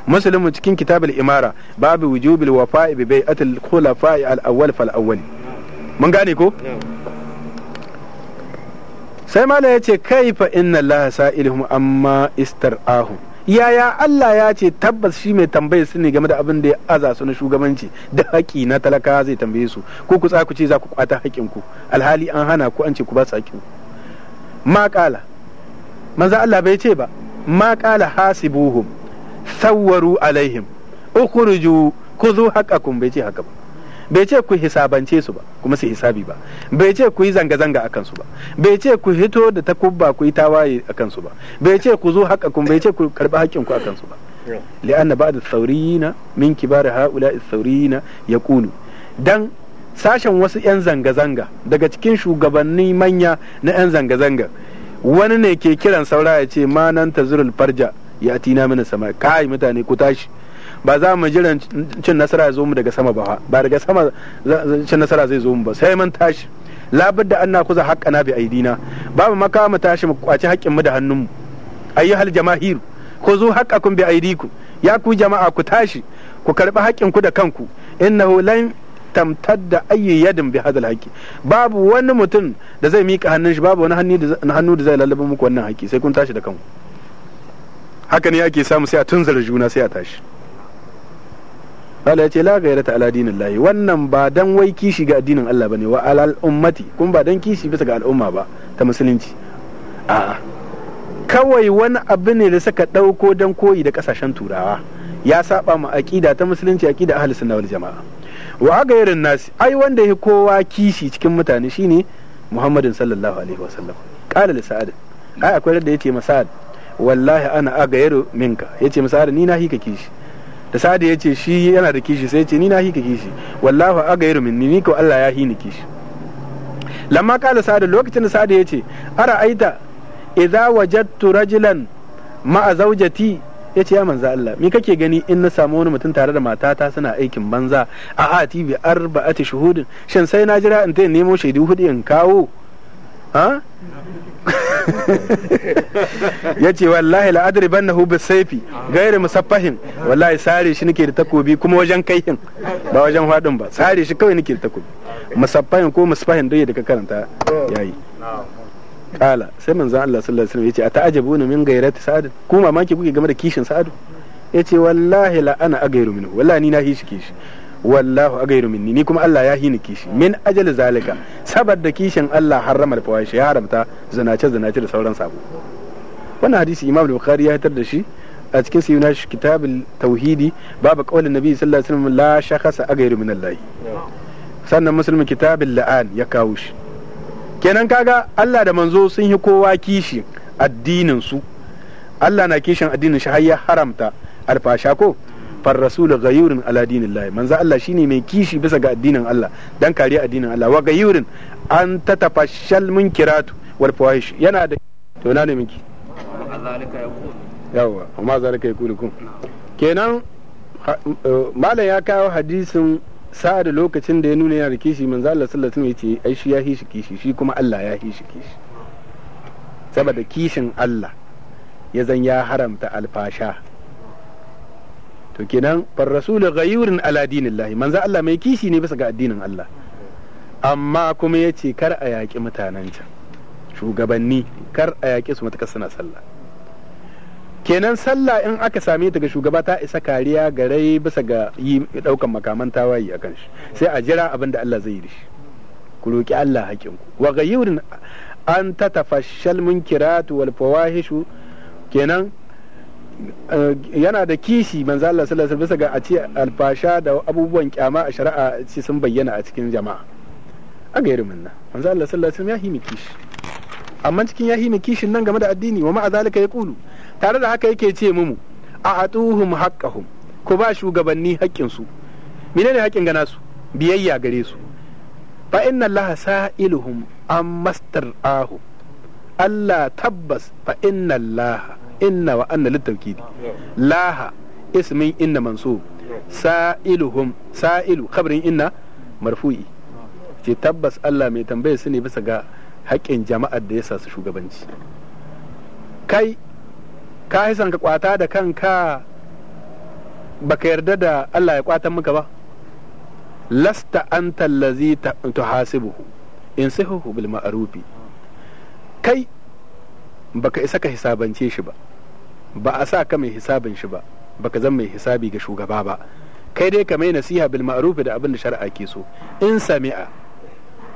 muslimu cikin kitab imara babu wujubil wafa'i bi bai'at al-khulafa'i al-awwal fal awwal mun gane ko sai mala yace kaifa inna Allah sa'iluhum amma istar'ahum yaya Allah ya ce tabbas shi mai tambaye su ne game da abin da ya aza su na shugabanci da haƙi na talaka zai tambaye su ko ku ku ce za ku kwata haƙinku alhali an hana ku an ce ku ba su haƙinku ma ƙala Allah bai ce ba ma ƙala hasibuhum sawwaru alaihim ukhruju haƙa haqqakum bai ce haka ba bai ce ku hisabance su ba kuma su hisabi ba bai ce ku yi zanga-zanga a kansu ba bai ce ku hito da takubba ku yi tawaye a kansu ba bai ce ku zo haƙa kun bai ce ku karɓi haƙƙin ku a kansu ba li'anna ba'd ath-thawriyina min kibar haula ath-thawriyina yaqulu dan sashen wasu 'yan zanga-zanga daga cikin shugabanni manya na 'yan zanga-zanga wani ne ke kiran saura ya ce ta tazurul farja ya tina mana sama kai mutane ku tashi ba za mu jiran cin nasara ya zo mu daga sama ba ba daga sama cin nasara zai zo mu ba sai mun tashi labar da anna kuza haƙƙana bi aidina babu maka mu tashi mu kwaci haƙƙin mu da hannunmu hal jama'ir ku zo haƙƙakum bi aidiku ya ku jama'a ku tashi ku karɓi haƙƙin ku da kanku innahu lan tamtar da ayyi yadin bi hadal haƙi babu wani mutum da zai miƙa hannun shi babu wani hannu da zai lallaba muku wannan haƙi sai kun tashi da kanku haka ne ake samu sai a tunzara juna sai a tashi Allah ya ce la gairata ala dinin lahi wannan ba dan wai kishi ga addinin Allah bane wa alal ummati kun ba dan kishi bisa ga al'umma ba ta musulunci a'a kawai wani abu ne da suka dauko dan koyi da kasashen turawa ya saba ma aqida ta musulunci aqida a sunna wal jamaa wa gairin nasi ai wanda ya kowa kishi cikin mutane shine Muhammadin sallallahu alaihi wasallam qala li sa'ad ai akwai da yace ma sa'ad wallahi ana agairu minka yace ma sa'ad ni na hika kishi da sadi ya ce shi yana da kishi sai ce ni na hika kishi wallahu a agairu min ni ko Allah ya hi ni kishi lamma kala sadi lokacin da sadi ya ce ara aita idza wajadtu rajulan ma'a zawjati ya ce ya manza Allah me kake gani in na samu wani mutum tare da matata suna aikin banza a ati bi arba'ati shuhudin shin sai na jira in ta nemo shaidu hudu in kawo ya ce wallahi la'adari ban na hubu saifi gairi musaffahin wallahi sare shi nake da takobi kuma wajen kaihin ba wajen hadin ba sare shi kawai nake da takobi musaffahin ko musaffahin duk da ka karanta yayi kala sai manzon Allah sallallahu alaihi wasallam yace ata'ajabuna min gairati sa'ad ku mamaki kuke game da kishin sa'ad ce wallahi la ana agairu minhu wallahi ni na hishi kishi wallahu gairu minni ni kuma Allah ya hini kishi min ajal zalika saboda kishin Allah harrama alfawashi ya haramta zinace zinace da sauran sabu wannan hadisi Imam Bukhari ya hitar da shi a cikin sayyidina kitabul tauhidi babu qaulin nabi sallallahu alaihi wasallam la shakhasa a min Allah sannan muslimin kitabul la'an ya kawo shi kenan kaga Allah da manzo sun yi kowa kishi addinin su Allah na kishin addinin shi har ya haramta alfasha ko far rasulu ghayurun ala dinillahi manzo Allah shine mai kishi bisa ga addinin Allah dan kare addinin Allah wa ghayurin an tatafashal munkiratu wal fawahish yana da to na ne miki yawa amma zalika kun kenan eh, malam ya kawo hadisin sa'ad lokacin da ya nuna yana da kishi manzo Allah sallallahu alaihi wasallam yace ai shi ya hishi kishi shi kuma Allah ya hishi kishi saboda kishin Allah ya zan ya haramta alfasha to kenan far rasulu ghayurun ala dinillahi manzo Allah mai kishi ne bisa ga addinin Allah amma kuma yace kar a yaki mutanen can shugabanni kar a yaki su matakar suna sallah kenan sallah in aka same ta ga shugaba ta isa kariya ga bisa ga yi daukan makaman tawayi a kan shi sai a jira abin da Allah zai yi shi ku roki Allah hakin ku wa ghayurin an tatafashal munkiratu wal fawahishu kenan Eh, yana da kishi manzo Allah sallallahu alaihi bisa ga a ce alfasha da abubuwan kyama a shari'a ce sun bayyana a cikin jama'a a irin nan manzo Allah sallallahu alaihi ya himi kishi amma cikin ya himi kishin nan game da addini wa ma zalika ya kulu tare da haka yake ce mumu a atuhum haqqahum ko ba shugabanni haƙƙin su menene haƙƙin gana su biyayya gare su fa inna Allah sa'iluhum am mastar'ahu Allah tabbas fa inna Allah inna wa anna laha ismin inna mansub sa'iluhum sa'ilu khabrin inna marfu'i ce tabbas Allah mai tambaye su ne bisa ga haƙƙin jama'ar da ya sa su shugabanci kai ka hisan ka kwata da kanka baka yarda da Allah ya kwatan maka ba lasta anta allazi tuhasibuhu in sihuhu bil ma'rufi kai baka isa ka hisabance shi ba ba a sa ka mai hisabin shi ba baka zan mai hisabi ga shugaba ba kai dai ka mai nasiha bil ma'ruf da abin da shari'a ke so in sami'a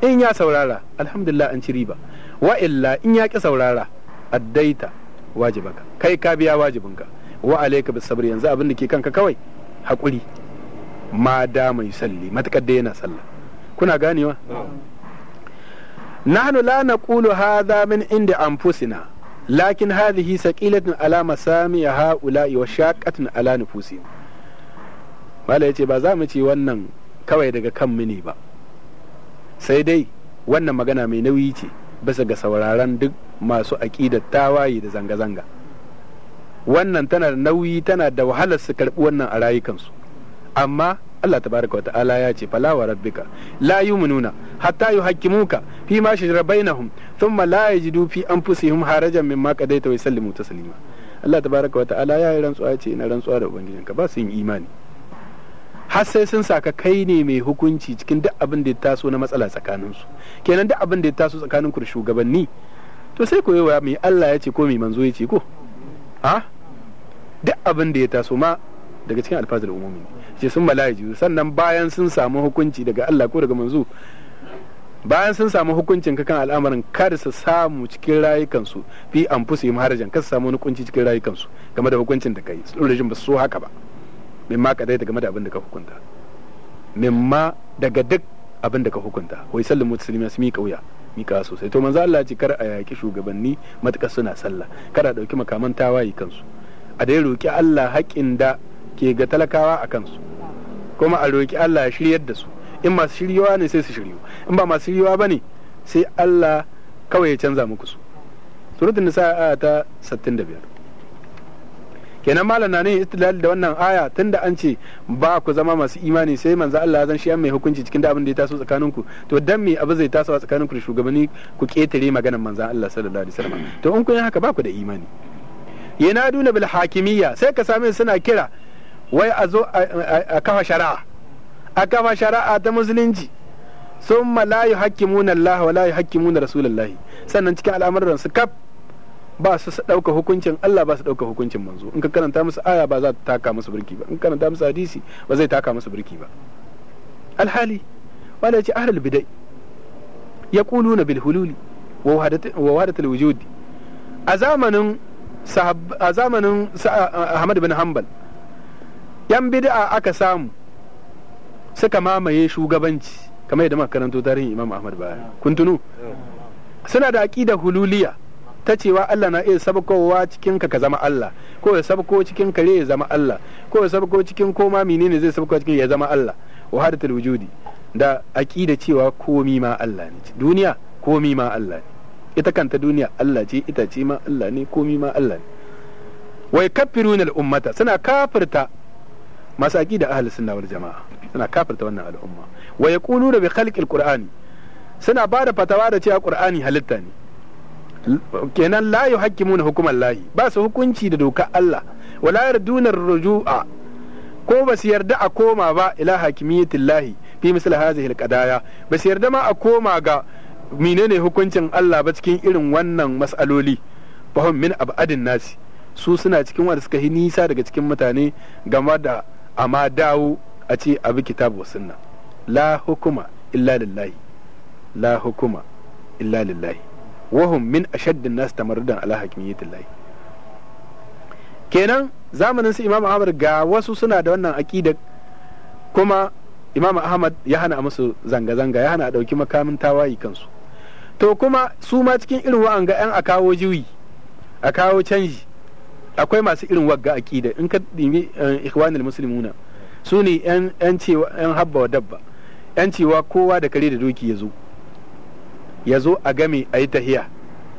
in ya saurara alhamdulillah an ci riba wa illa in ya ki saurara addaita wajibaka kai ka biya wajibinka wa alayka bis sabr yanzu abin da ke kanka kawai hakuri ma da mai salli matakar da yana sallah kuna ganewa nahnu la naqulu hadha min inda anfusina lakin hadhihi saqilatun ala masami ha'ula'i wa shaqqatun ala nufusi mala yace ba za mu ce wannan kawai daga kan mu ne ba sai dai wannan magana mai nauyi ce bisa ga sauraron duk masu aƙidar tawaye da zanga-zanga wannan tana da nauyi tana da wahalar su karɓi wannan a rayukansu amma Allah tabaraka wata'ala ya ce fala wa rabbika la nuna hatta yuhaqqimuka fi ma shajara bainahum thumma la yajidu fi anfusihim harajan mimma qadaita wa yusallimu taslima Allah tabaraka wata'ala ya yi rantsuwa ya ce ina rantsuwa da ubangijinka ba su yin imani har sai sun saka kai ne mai hukunci cikin duk abin da ya taso na matsala tsakaninsu kenan duk abin da ya taso tsakanin ku shugabanni to sai ko yawa mai Allah ya ce ko mai manzo ya ce ko ha ah? duk abin da ya taso ma daga cikin alfazar umumi ce sun malaji sannan bayan sun samu hukunci daga Allah ko daga manzo bayan sun samu hukuncin ka kan al'amarin kada su samu cikin rayukansu fi an fusu yi maharajan kada su samu wani kunci cikin rayukansu game da hukuncin da kai su rajin ba su haka ba Min ma kadai daga da abin da ka hukunta min ma daga duk abin da ka hukunta wai sallin musulmi su miƙa wuya miƙa sosai to manzo Allah ce kar a yaƙi shugabanni matuƙar suna sallah kar a ɗauki makaman tawayi kansu a dai roƙi Allah haƙin da ke ga talakawa a kansu kuma a roƙi Allah ya shiryar da su in masu shiryawa ne sai su shiryu in ba masu shiryawa ba ne sai Allah kawai ya canza muku su suratun nisa aya ta 65 kenan malam na ne istilal da wannan aya tun da an ce ba ku zama masu imani sai manzo Allah zan shi mai hukunci cikin da abin da ya taso tsakanin ku to dan me abu zai taso a tsakanin ku da shugabanni ku ketare maganar manzo Allah sallallahu alaihi wasallam to in kun haka ba ku da imani duna bil hakimiyya sai ka same suna kira wai a zo a kafa shari'a a kafa shari'a ta musulunci sun la muna Allah wa layu la muna Rasulullah sannan cikin al'amuran su kaf ba su ɗauka hukuncin Allah ba su ɗauka hukuncin manzo in ka karanta musu aya ba za ta taka musu birki ba in ka karanta musu hadisi ba zai taka musu birki ba alhali wala ce ahlul bidai yaquluna bil hululi wa wahadatul wujudi a zamanin a zamanin Ahmad bin Hanbal yan bid'a aka samu suka mamaye shugabanci kamar yadda muka karanto tarihin Imam Ahmad bayan kun tuno suna da aqida hululiya ta cewa Allah na iya sabkowa cikin ka ka zama Allah ko ya sabko cikin kare ya zama Allah ko ya sabko cikin koma menene zai sabko cikin ya zama Allah wahadatul wujudi da aqida cewa komi ma Allah ne duniya komi ma Allah ne ita kanta duniya Allah ce ita ce ma Allah ne komi ma Allah ne wai kafiruna al ummata suna kafirta masu aqida ahli sunna wal jamaa suna kafirta wannan al'umma wa yaquluna bi khalqil qur'ani suna ba da fatawa da cewa qur'ani halitta ne kenan la yuhakkimuna hukuman layi ba su hukunci da dokar Allah wala yarduna rujua ko ba su yarda a koma ba ila hakimiyatin fi misal hazihil qadaya ba su yarda ma a koma ga menene hukuncin Allah ba cikin irin wannan mas'aloli fahim min abadin nasi su suna cikin wanda suka yi nisa daga cikin mutane game da amma dawo a ce abi kitabu wa sunna la hukuma illa lillahi la hukuma illa lillahi wahum min ashaddin nas tamarrudan ala hakimiyyatillahi kenan zamanin su imam ahmad ga wasu suna da wannan aqida kuma imam ahmad ya hana musu zanga-zanga ya hana a ɗauki makamin tawayi kansu to kuma su ma cikin irin wa'anga 'yan a kawo juyi a kawo canji akwai masu irin wagga aqida in ka dimi eh, ikhwanul muslimuna su ne yan cewa yan habba wa dabba yan cewa kowa da kare da doki ya zo ya zo a game a yi tahiya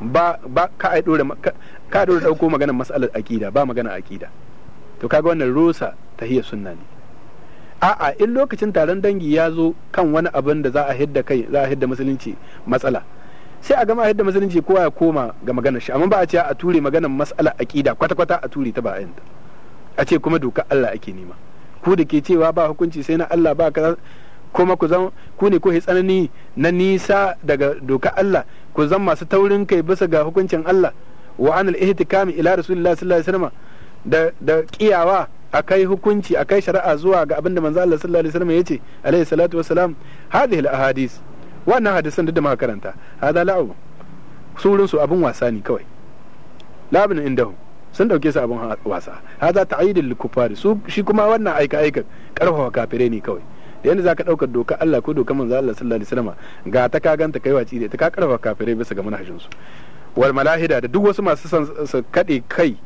ba ba ka ai dora ka dauko magana mas'alar aqida ba magana aqida to kaga wannan rusa tahiya sunna ne a'a in lokacin taron dangi ya zo kan wani abin da za a hidda kai za a hidda musulunci matsala sai a gama yadda musulunci kowa ya koma ga maganar shi amma ba a ce a ture maganar mas'ala aqida kwata kwata a ture ta ba a a ce kuma doka Allah ake nema ku da ke cewa ba hukunci sai na Allah ba ka kuma ku zan ku ne ko tsanani na nisa daga doka Allah ku zan masu taurin kai bisa ga hukuncin Allah wa anil ihtikami ila rasulillah sallallahu alaihi wasallam da da kiyawa akai hukunci akai shari'a zuwa ga abinda manzo Allah sallallahu alaihi wasallam yace alaihi salatu wassalam hadhihi al ahadith wannan hadisan da muka karanta hada la'abu surun su abun wasa ne kawai labin indahu sun dauke su abun wasa hada ta'idul kufari su shi kuma wannan aika aika karfafa kafirai ne kawai da yanda zaka daukar doka Allah ko doka manzo Allah sallallahu alaihi wasallam ga ta ka ganta kai waci da ta ka karfafa kafirai bisa ga manhajin su wal malahida da duk wasu masu son su kade kai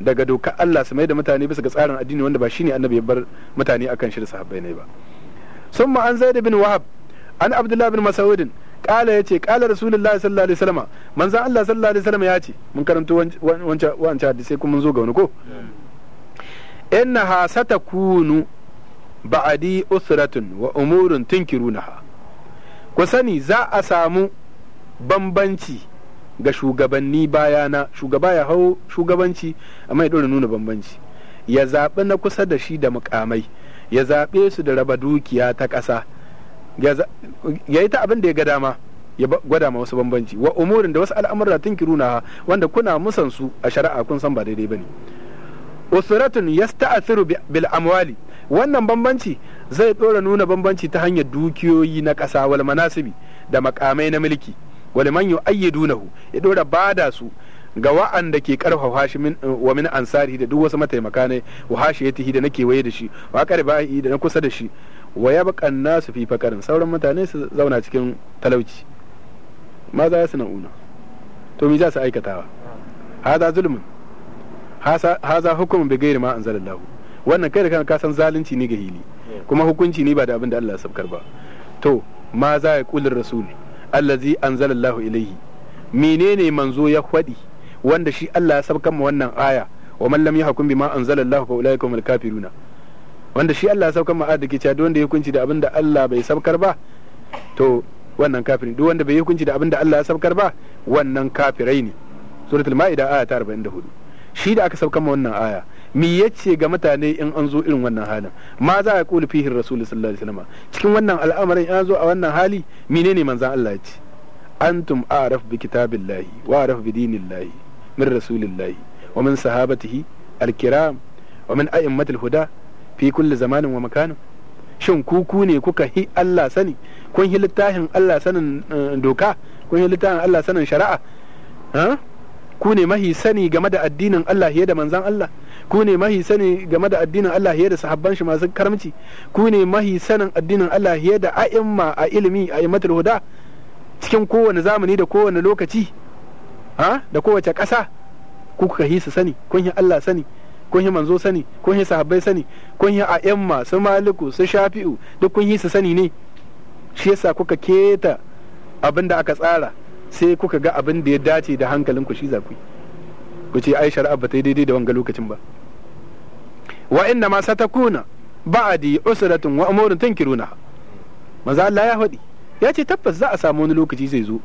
daga doka Allah su mai da mutane bisa ga tsarin addini wanda ba shine annabi ya bar mutane akan shi da sahabbai ne ba summa an zaid bin wahab an abdullah bin mas'ud kala yace kala rasulullahi sallallahu alaihi wasallam manzon Allah sallallahu alaihi wasallam ya ce mun karanto wancan wancan hadisi kuma mun zo ga wani ko innaha satakunu ba'di usratun wa umurun tunkirunaha ku sani za a samu bambanci ga shugabanni bayana shugaba ya hau shugabanci amma ya ɗora nuna bambanci ya zaɓi na kusa da shi da mukamai ya zaɓe su da raba dukiya ta ƙasa ya yi ta abin da ya ga dama ya gwada ma wasu bambanci wa umurin da wasu ki tunkiruna wanda kuna musan su a shari'a kun san ba daidai bane usratun yasta'thiru bil amwali wannan bambanci zai ɗora nuna bambanci ta hanyar dukiyoyi na ƙasa wal manasibi da makamai na mulki wal man yu'ayyidunahu ya dora bada su ga wa'anda ke karfafa hashi eh, wa min ansari da duk wasu mataimaka ne wa hashiyatihi da na kewaye da shi wa qarba'i da na kusa da shi wa ya baka nasu fi fakarin sauran mutane su zauna cikin talauci ma za su na'una to mi za su aikatawa haza zulmin haza hukumin bai gairi ma zalallahu wannan kai da kan ka san zalunci ne ga hili kuma hukunci ne ba da abin da Allah ya sabkar ba to ma za ya kulin rasul allazi anzalallahu ilaihi menene manzo ya faɗi wanda shi Allah ya sabkan ma wannan aya wa man lam yahkum bima anzalallahu fa ulaika humul kafiruna wanda shi Allah ya saukar ma da ke cewa duk wanda ya hukunci da abin da Allah bai saukar ba to wannan kafiri duk wanda bai hukunci da abin da Allah ya saukar ba wannan kafirai ne suratul maida aya ta 44 shi da aka saukar ma wannan aya mi yace ga mutane in an zo irin wannan halin ma za a kula fihi rasul sallallahu alaihi wasallam cikin wannan al'amarin an zo a wannan hali menene manzon Allah ya ce antum a'raf bi kitabillahi wa a'raf bi dinillahi min rasulillahi wa min sahabatihi alkiram wa min a'immatil huda fi kulli zamanin wa makanin shin kuku ne kuka hi Allah sani kun hi littafin Allah sanin eh, doka kun hi littafin Allah sanin shari'a ku ne mahi sani game da addinin Allah fiye da manzan Allah ku ne mahi sani game da addinin Allah fiye da sahabban shi masu karamci ku ne mahi sanin addinin Allah fiye da a'imma a ilimi a imatul huda cikin kowane zamani da kowane lokaci da kowace ƙasa ku kuka hi su sani kun hi Allah sani kun yi manzo sani kun yi sahabbai sani kun yi a'imma su maliku su shafi'u duk kun yi su sani ne shi yasa kuka keta abin da aka tsara sai kuka ga abin da ya dace da hankalin ku shi za ku ku ce ai shari'a ba ta yi daidai da wanga lokacin ba wa inna ma satakuna ba'adi usratun wa umurun tunkiruna manzo Allah ya faɗi ya ce tabbas za a samu wani lokaci zai zo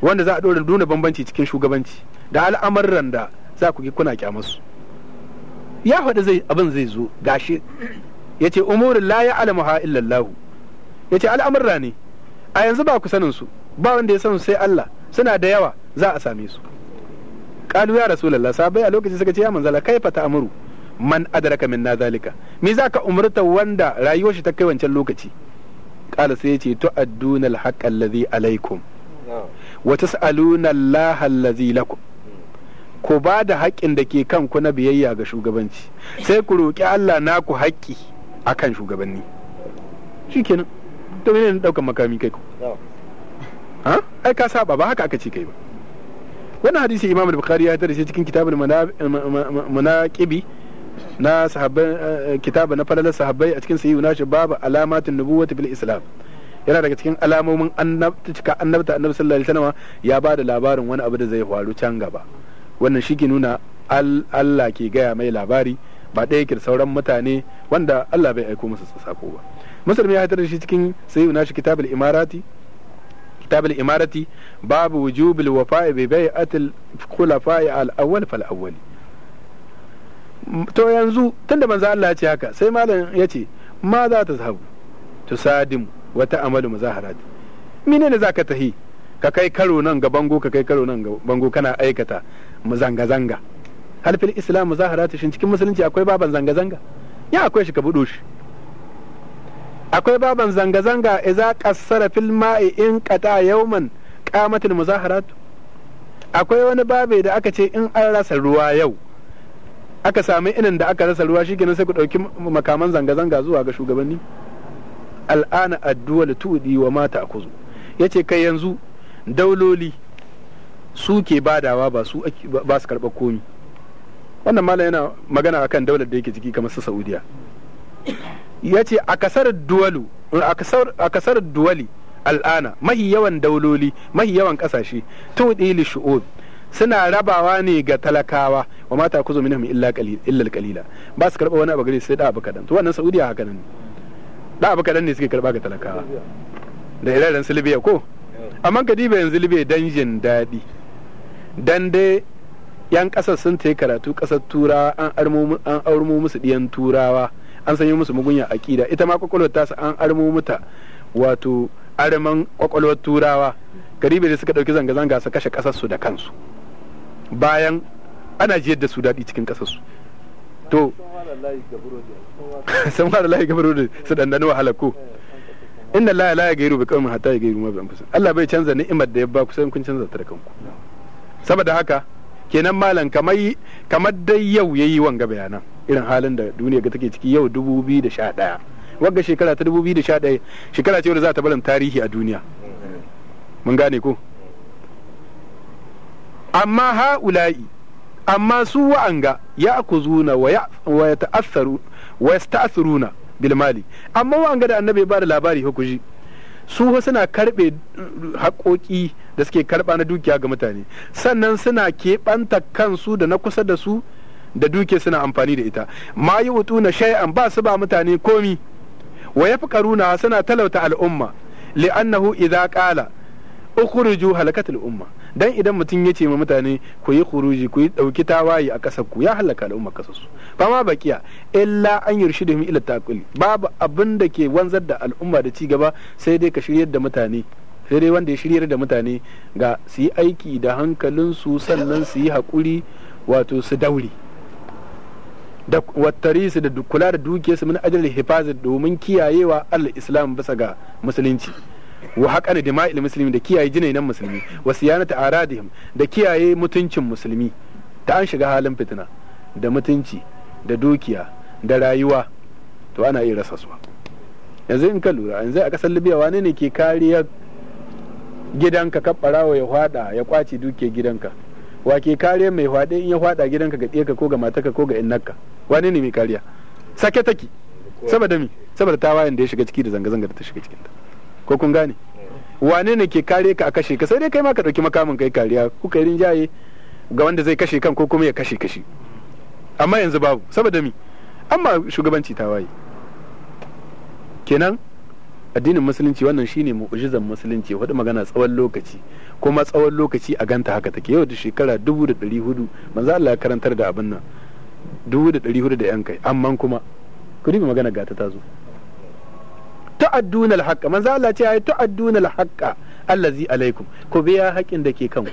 wanda za a ɗora nuna bambanci cikin shugabanci da al'amuran da za ku kuna kyamarsu ya faɗi zai abin zai zo gashi ya ce umurin la ya ha illallahu ya ce al'amurra ne a yanzu ba ku sanin su ba wanda ya san su sai Allah suna da yawa za a same su kalu ya rasulullah sabai a lokacin suka ce ya manzala kaifa ta'muru man adraka na zalika me za ka umurta wanda rayuwar shi ta kai wancan lokaci qala sai ya ce tu'adduna al-haqqa alladhi alaikum wa tas'aluna allaha alladhi lakum ku ba da haƙƙin da ke kanku na biyayya ga shugabanci sai ku roƙi Allah na ku haƙƙi akan shugabanni shikenan to na daukan makami kai ku ha ai ka saba ba haka aka ce kai ba wannan hadisi imam da bukari ya tare shi cikin kitabul munaqibi na sahabbai eh, eh, kitaba na falalar sahabbai a cikin sahihu nashi babu alamatin nubuwwati bil islam yana daga cikin alamomin annabta annabta annabi sallallahu alaihi wasallam ya da labarin wani abu da zai faru can gaba wannan shi ke nuna Allah ke gaya mai labari ba ɗaya yake sauran mutane wanda Allah bai aiko musu sako ba musulmi ya haifar da shi cikin sayi shi kitabul imarati kitabul imarati babu wujubil wafa'i bi bai'atil khulafa'i al-awwal fal awwali to yanzu tunda manzo Allah ya ce haka sai malam ya ce ma za ta zahabu tusadim wata amalu muzaharat menene zaka tahi ka kai karo nan ga bango ka kai karo nan ga bango kana aikata zanga-zanga halifin islam zaharatu shin cikin musulunci akwai baban zanga-zanga ya akwai shi ka buɗo shi akwai baban zanga-zanga iza kassara fil ma'i in qata yawman qamatul muzaharatu akwai wani babe da aka ce in an rasa ruwa yau aka sami inin da aka rasa ruwa shikenan sai ku ɗauki makaman zanga-zanga zuwa ga shugabanni al'ana addu'a tudi wa mata akuzu yace kai yanzu dauloli su ke badawa ba su ba su karɓar komi wannan mala yana magana akan daular da yake ciki kamar su saudiya ya ce a kasar duwalu a kasar duwali al'ana mahi yawan dauloli mahi yawan kasashe tun ɗili shu'ud suna rabawa ne ga talakawa wa mata kuzo minhum illa kalila ba su karɓa wani abu gare sai da abu kadan to wannan saudiya haka nan da abu kadan ne suke karɓa ga talakawa da iraren su ko amma kadiba yanzu libya danjin daɗi dan dai yan kasar sun ta yi karatu kasar tura an armo musu diyan turawa an sanyo musu mugunya akida ita ma kwakwalwar tasa an armo muta wato arman kwakwalwar turawa garibe da suka dauki zanga-zanga su kashe kasar su da kansu bayan ana jiyar da su daɗi cikin kasar su to sun fara layi gabar da su dandano wahala ko inna la la ya gairu bi kawai hatta ya gairu ma bi Allah bai canza ni'imar da ya ba ku sai kun canza ta da kanku saboda haka kenan malam kamar kamar dai yau yayi wanga bayanan irin halin da duniya ga take ciki yau 2011 wagga shekara ta 2011 shekara ce wadda za ta barin tarihi a duniya mun gane ko amma ha'ula'i amma su wa'anga ya kuzuna wa ya ta'asaru wa yasta'siruna amma wa'anga da annabi ba da labari hukuji su suna karbe uh, haƙoƙi da suke karɓa na dukiya ga mutane sannan suna keɓanta kansu da na kusa da su da duke suna amfani da ita ma yi wutu na shay'an ba su ba mutane komi wa ya fi karuna suna talauta al'umma li'annahu idza qala ukhruju halakat al'umma dan idan mutum ya ce ma mutane ku yi khuruji ku yi dauki tawaye a kasar ku ya halaka al'umma kasar su ba ma bakiya illa an yurshidhum ila taqul babu abin da ke wanzar da al'umma da ci gaba sai dai ka shiryar da mutane sai dai wanda ya shiryar da mutane ga su yi aiki da hankalin su sannan su yi haƙuri wato su daure da wattari su da kula da dukiyarsu min da hifazin domin kiyayewa al-islam bisa ga musulunci wa haƙana dima'il musulmi da kiyaye jinainan musulmi wa siyanata aradihim da kiyaye mutuncin musulmi ta an shiga halin fitina da mutunci da dukiya da rayuwa to ana iya rasa su yanzu in ka lura yanzu a ƙasar libya wane ne ke kariya gidanka ka barawa ya hwada ya kwace dukiyar gidanka wa ke kariya mai hwade in ya hwada gidanka ga ɗeka ko ga mataka ko ga naka wane ne mai kariya sake take saboda mi saboda tawayen da ya shiga ciki da zanga-zanga da ta shiga cikinta ko kun gane wane ne ke kare ka a kashe ka sai dai kai ma ka ɗauki makamin kai kariya kuka kai jaye ga wanda zai kashe kan ko kuma ya kashe kashi amma yanzu babu saboda mi amma shugabanci ta waye kenan addinin musulunci wannan shine mu'jizan musulunci hudu magana tsawon lokaci kuma tsawon lokaci a ganta haka take yau da shekara dubu da dari hudu manzo Allah ya karantar da abin nan dubu da dari hudu da yan kai amma kuma ku magana gata ta zo tu'adduna al-haqqa manzo Allah ce ayi tu'adduna al-haqqa allazi alaikum ku biya haƙin da ke kanku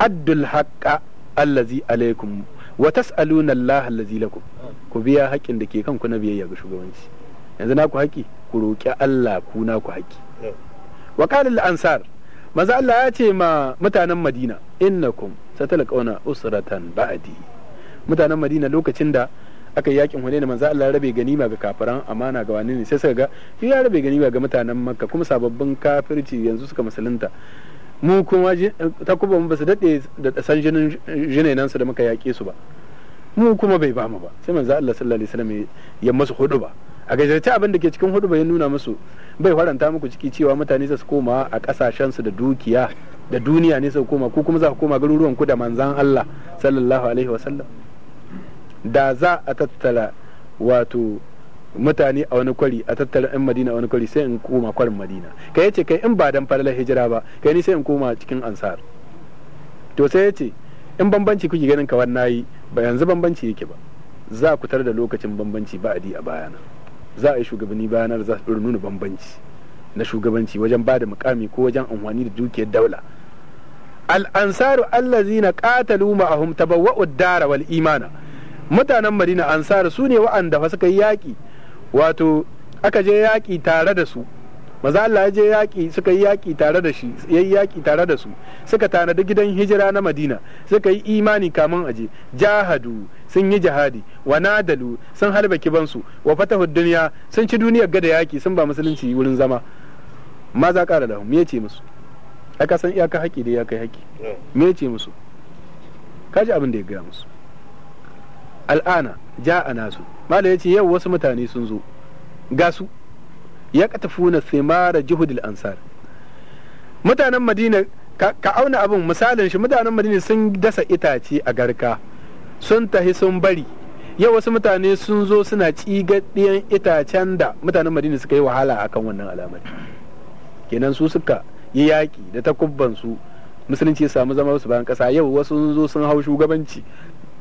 addul haqqa allazi alaikum wa tas'aluna Allah allazi lakum ku biya haƙin da ke kanku na biyayya ga shugabanci yanzu naku haƙi ku roƙi Allah ku naku haƙi wa qala al-ansar manzo Allah ya ce ma mutanen Madina innakum satalqauna usratan ba'di mutanen Madina lokacin da aka yi yakin hunain manzo Allah rabe ganima ga kafiran amana ga wani ne sai suka ga ya rabe ganima ga mutanen makka kuma sababbin kafirci yanzu suka musulunta mu kuma ta kuma mu basu dade da san jinin jinainan su da muka yake su ba mu kuma bai ba mu ba sai manzo Allah sallallahu alaihi wasallam ya masu hudu ba a gajarci abin da ke cikin hudu ya nuna musu bai faranta muku ciki cewa mutane za su koma a kasashen su da dukiya da duniya ne su koma ku kuma za ku koma garuruwan ku da manzan Allah sallallahu alaihi wasallam da za a tattala wato mutane a wani kwari a tattalin yan madina a wani kwari sai in koma kwarin madina kai yace kai in ba dan falalar hijira ba kai ni sai in koma cikin ansar to sai yace in bambanci kuke ganin ka kawar nayi ba yanzu bambanci yake ba za ku tar da lokacin bambanci ba adi a bayana za a yi shugabanni da za su nuna bambanci na shugabanci wajen ba da mukami ko wajen amfani da dukiyar daula al ansaru allazina qatalu ma'ahum tabawwa'u dara wal imana mutanen madina ansar su ne wa'anda suka yi yaƙi wato aka je yaƙi tare da su maza Allah ya je yaƙi suka yi yaƙi tare da shi ya yi yaƙi tare da su suka tanadi gidan hijira na Madina suka yi imani kamun aje jahadu sun yi jihadi wa nadalu sun harba kibansu wa fatahu duniya sun ci duniyar gada yaƙi sun ba musulunci wurin zama ma za ƙara da me ce musu aka san iyaka haƙi da ya kai haƙi me ce musu kaji abin da ya gaya musu al'ana ja a nasu ya yace yau wasu mutane sun zo ga su ya katafuna semara juhudil ansar mutanen madina ka auna abin misalin shi mutanen madina sun dasa itace a garka sun tahi sun bari yau wasu mutane sun zo suna cigaɗiyan itacen da mutanen madina suka yi wahala akan wannan alamar kenan su suka yi yaƙi da takubban su musulunci ya samu zama su bayan ƙasa yau wasu sun zo sun hau shugabanci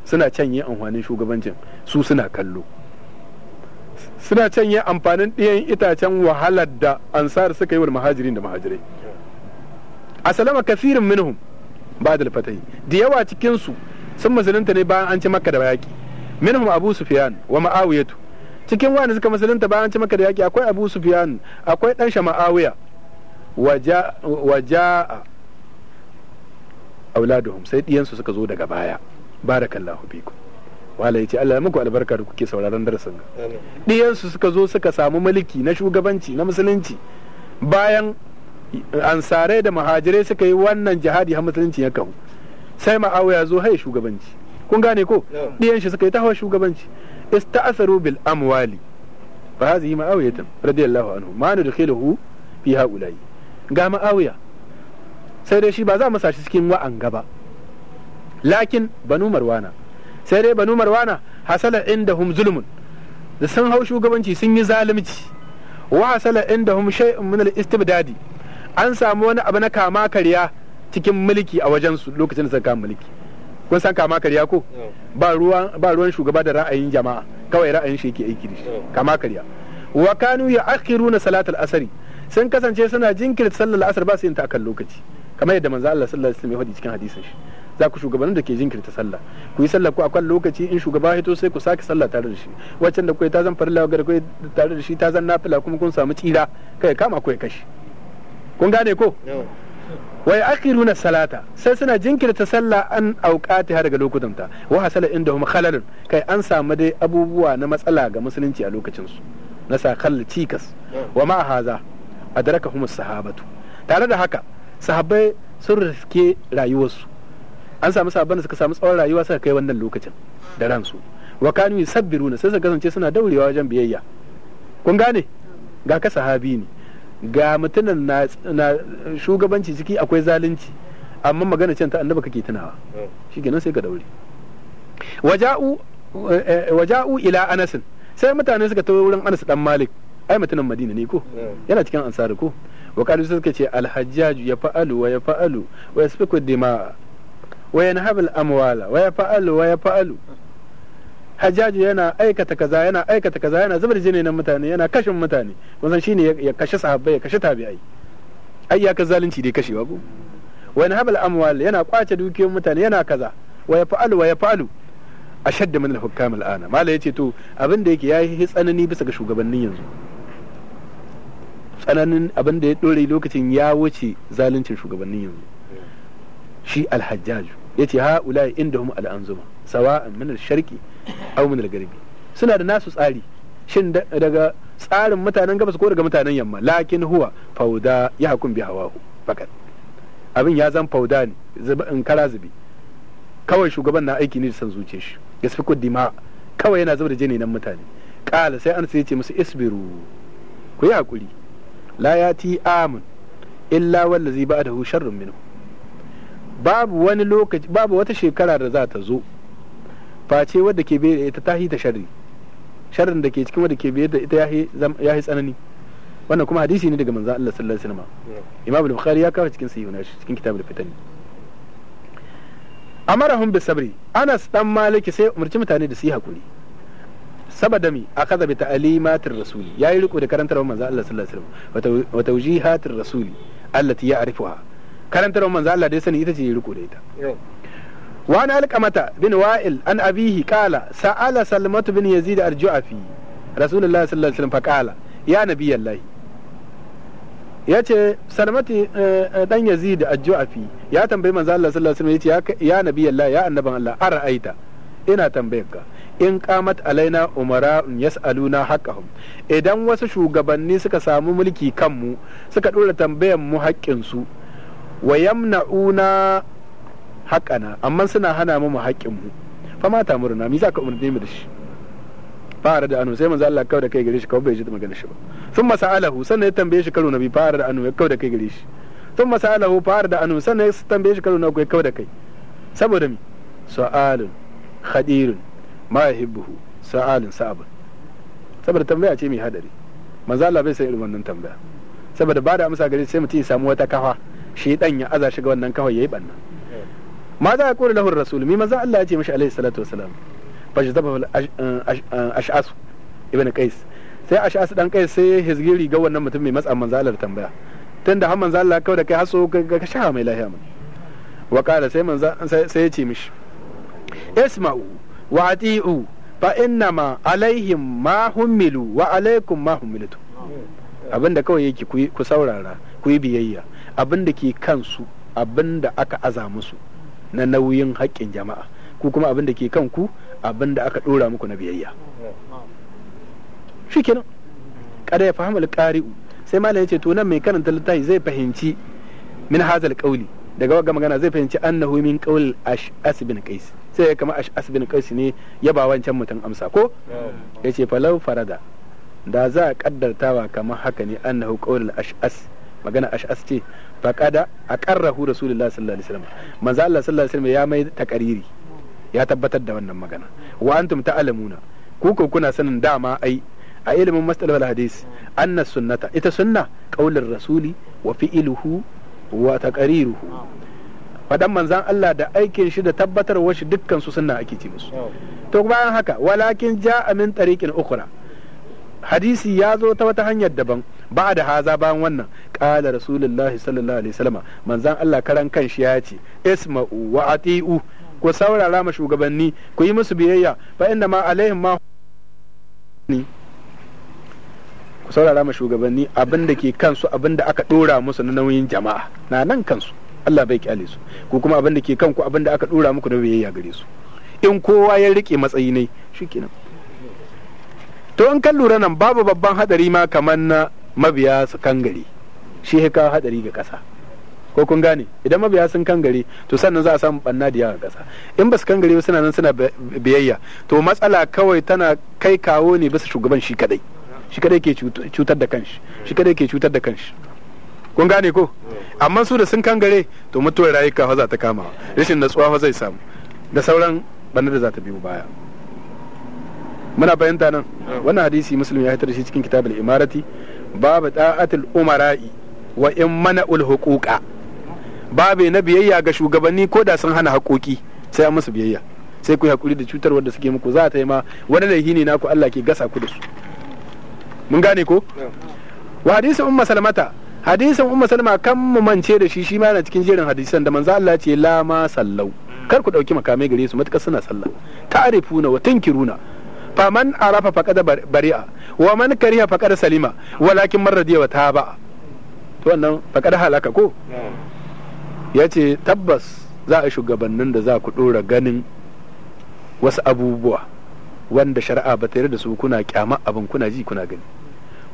suna can yin amfanin shugabancin su suna kallo suna can yin amfanin ɗiyan itacen wahalar da ansar suka yi wa mahajirin da mahajirai a salama kafirin minhum ba da lafatai da yawa cikinsu sun musulunta ne bayan an ci maka da yaƙi minhum abu sufyan wa ma'awiyatu cikin wani suka musulunta bayan an ci maka da yaƙi akwai abu sufyan akwai ɗan shama'awiya waja'a auladuhum sai ɗiyansu suka zo daga baya barakallahu biku. wala yace Allah ya muku albarka da kuke sauraron darasin ga diyansu suka zo suka samu mulki na shugabanci na musulunci bayan ansarai da muhajirai suka yi wannan jihadi har musulunci ya kahu sai ma'awiya zo hai shugabanci kun gane ko diyan shi suka yi tahawar shugabanci ista'asaru bil amwali fa hadhihi ma'awiyatan radiyallahu anhu ma nudkhiluhu fi haula'i ga ma'awiya sai dai shi ba za mu sashi cikin wa'an gaba lakin banu marwana sai dai banu marwana hasala inda hum zulmun da sun hau shugabanci sun yi zalunci wa hasala inda hum shay'un min al-istibdadi an samu wani abu na kama kariya cikin mulki a wajen su lokacin da suka kama mulki kun san kama kariya ko ba ruwan ba ruwan shugaba da ra'ayin jama'a kawai ra'ayin shi yake aiki da shi kama kariya wa kanu ya'khiruna salatul asri sun kasance suna jinkirta sallar asar ba su yin ta akan lokaci kamar yadda manzo Allah sallallahu alaihi wasallam ya faɗi cikin hadisin shi za ku shugabannin da ke jinkirta sallah ku yi sallah ku kan lokaci in shugaba to sai ku sake sallah tare da shi waccan da kai ta zan farilla ga kai tare da shi ta zan nafila kuma kun samu tsira kai kama ku ya kashi kun gane ko wai akhiruna salata sai suna jinkirta sallah an auqati har daga ta wa hasala indahum khalalun kai an samu dai abubuwa na matsala ga musulunci a lokacin su na sakal cikas wa ma haza adrakahum sahabatu tare da haka sahabbai sun riske rayuwarsu an samu sabon da suka samu tsawon rayuwa suka kai wannan lokacin da ransu wa kanu yusabbiruna sai su kasance suna daurewa wajen biyayya kun gane ga ka sahabi ne ga mutunan na, shugabanci ciki akwai zalunci amma magana can ta annaba kake tunawa shikenan sai ka daure waja'u eh, eh, waja'u ila anasin sai mutane suka tawo wurin anas dan malik ai mutunan madina ne ko yana cikin ansar ko wa kalu suka ce alhajjaju ya fa'alu wa ya fa'alu wa yasfiku dima'a wa yanhabu al-amwala wa yaf'alu wa yaf'alu hajjaju yana aikata kaza yana aikata kaza yana zubar jini na mutane yana kashin mutane san shine ya kashe sahabbai ya kashe tabi'ai ai ya ka zalunci dai kashewa ko wa yanhabu al-amwal yana kwace dukiyoyin mutane yana kaza wa fa'alu wa fa'alu ashadd min al-hukkam al-ana mala yace to abin da yake yayi tsanani bisa ga shugabannin yanzu tsananin abin da ya dore lokacin ya wuce zaluncin shugabannin yanzu shi alhajjaju ya ce yace inda hum al'anzuma sawa'an min sharki au min garbi suna da nasu tsari shin daga tsarin mutanen gabas ko daga mutanen yamma lakin huwa fauda ya hakun bi hawahu fakat abin ya zan fauda ne in kara zubi kawai shugaban na aiki ne da san zuciya shi ya fi ma, kawai yana zuba da jini nan mutane kala sai an sai ce musu isbiru ku yi hakuri la ya ti amun illa wallazi hu sharrun minhu babu wani lokaci babu wata shekara da za ta zo face wadda ke bai da ita tahi ta sharri sharrin da ke cikin wadda ke bai da ita ya yi tsanani wannan kuma hadisi ne daga manzan Allah sallallahu alaihi wasallam Imam Bukhari ya kawo cikin sahih nashi cikin kitabul fitani amarahum bi sabri Anas dan Maliki sai umarci mutane da su yi hakuri saboda mi akaza bi ta'alimatir rasuli yayi riko da karantar manzan Allah sallallahu alaihi wasallam wa tawjihatir rasuli allati ya'rifuha karantarwar manzo Allah da ya sani ita ce ya riko da ita wa علقمة alqamata bin wa'il an abihi qala sa'ala بن bin yazid arju'afi rasulullahi sallallahu alaihi wasallam faqala ya nabiyallahi Ya ce yace salmati eh, dan yazid arju'afi ya tambayi manzo Allah sallallahu alaihi wasallam yace ya nabiyallahi ya annaban Allah ara'aita ina tambayar ka in qamat alaina umara yas'aluna haqqahum idan wasu shugabanni suka samu mulki kanmu suka dora tambayar mu haƙƙinsu. su wa yamna'una haƙana amma suna hana mu mu haƙƙin mu fa mata murna mi za ka umarni mu da shi fara da anu sai manzo Allah kawai da kai gare shi kawai bai ji magana shi ba thumma sa'alahu sannan ya tambaye shi karo nabi fara da anu ya kawai da kai gare shi thumma sa'alahu fara da anu sannan ya tambaye shi karo na kai kawai da kai saboda mi su'alun khadirun ma yuhibbuhu su'alun sa'ab saboda tambaya ce mai hadari manzo Allah bai san irin wannan tambaya saboda ba da amsa gare sai mutum ya samu wata kafa dan ya aza shiga wannan kawai yayi banna ma za a kore lahur rasul mi manzo Allah ya ce mishi alaihi salatu wasalam fajzaba uh, uh, ash'as ibn qais sai ash'as dan qais sai hizgiri ga wannan mutum mai matsa manzo Allah tambaya tunda har manzo Allah kawai da kai haso ga sha mai lahiya mun wa qala sai manzo sai ya ce mishi isma'u wa ati'u fa innama alaihim ma humilu wa alaikum ma humilatu abinda kawai yake ku saurara ku yi biyayya abin da ke kansu abin da aka aza musu na nauyin haƙƙin jama'a ku kuma abin da ke kanku abin da aka ɗora muku na biyayya shi kenan kada ya fahimta alƙari'u sai malam ya ce to nan mai karanta littafi zai fahimci min hazal ƙauli daga wagga magana zai fahimci annahu min qaul ash'as bin qais sai kama ash'as bin qais ne ya ba wancan mutum amsa ko ya yace falau farada da za a kaddartawa kamar haka ne annahu qaul ash'as magana ash'as ce faqada aqarrahu rasulullahi sallallahu alaihi wasallam manzo Allah sallallahu alaihi wasallam ya mai takariri ya tabbatar da wannan magana wa antum ta'lamuna ku ko kuna sanin dama ai a ilimin mas'alal hadis anna sunnata ita sunna qaulur rasuli wa fi'luhu wa taqriruhu fadan manzan Allah da aikin shi da tabbatar shi dukkan su sunna ake ci musu to bayan haka walakin ja'a min tariqin ukhra hadisi ya zo ta wata hanyar daban ba da haza bayan wannan qala rasulullah sallallahu alaihi wasallam manzon Allah karan kanshi ya ce isma'u wa ati'u ku saurara ma shugabanni ku yi musu biyayya fa inda ma alaihim ma ku saurara ma shugabanni abin da ke kansu abin da aka dora musu na nauyin jama'a na nan kansu Allah bai kyale su ku kuma abin da ke kanku abin da aka dora muku na biyayya gare su in kowa ya rike matsayi ne shikenan to in kan lura nan babu babban hadari ma kamar na mabiya su kangare shi ya kawo hadari ga kasa ko kun gane idan mabiya sun kangare to sannan za a samu banna da yawa kasa in ba su kangare ba suna nan suna biyayya to matsala kawai tana kai kawo ne bisa shugaban shi kadai shi kadai ke cutar da kanshi shi kadai ke cutar da kanshi kun gane ko amma su da sun kangare to mutuwar rayuka fa za ta kama rashin natsuwa fa zai samu da sauran banna da za ta biyo baya muna bayanta nan wannan hadisi musulmi ya hitar shi cikin kitabul imarati babu ta'atul umara'i wa in mana'ul huquqa babu na biyayya ga shugabanni ko da sun hana haƙoƙi sai an musu biyayya sai ku hakuri da cutar wanda suke muku za ta yi ma wani laifi ne ku Allah ke gasa ku da su mun gane ko wa hadisin umma salmata hadisin umma salma kan mu mance da shi shi ma yana cikin jerin hadisan da manzo Allah ce la ma sallau kar ku dauki makamai gare su matukar suna sallah ta'rifuna wa tunkiruna faman arafa faqad bari'a wa man kariha faqad salima walakin man radiya wa taba to wannan faqad halaka ko yace tabbas za a shugabannin da za ku dora ganin wasu abubuwa wanda shari'a ba ta da su kuna kyama abin kuna ji kuna gani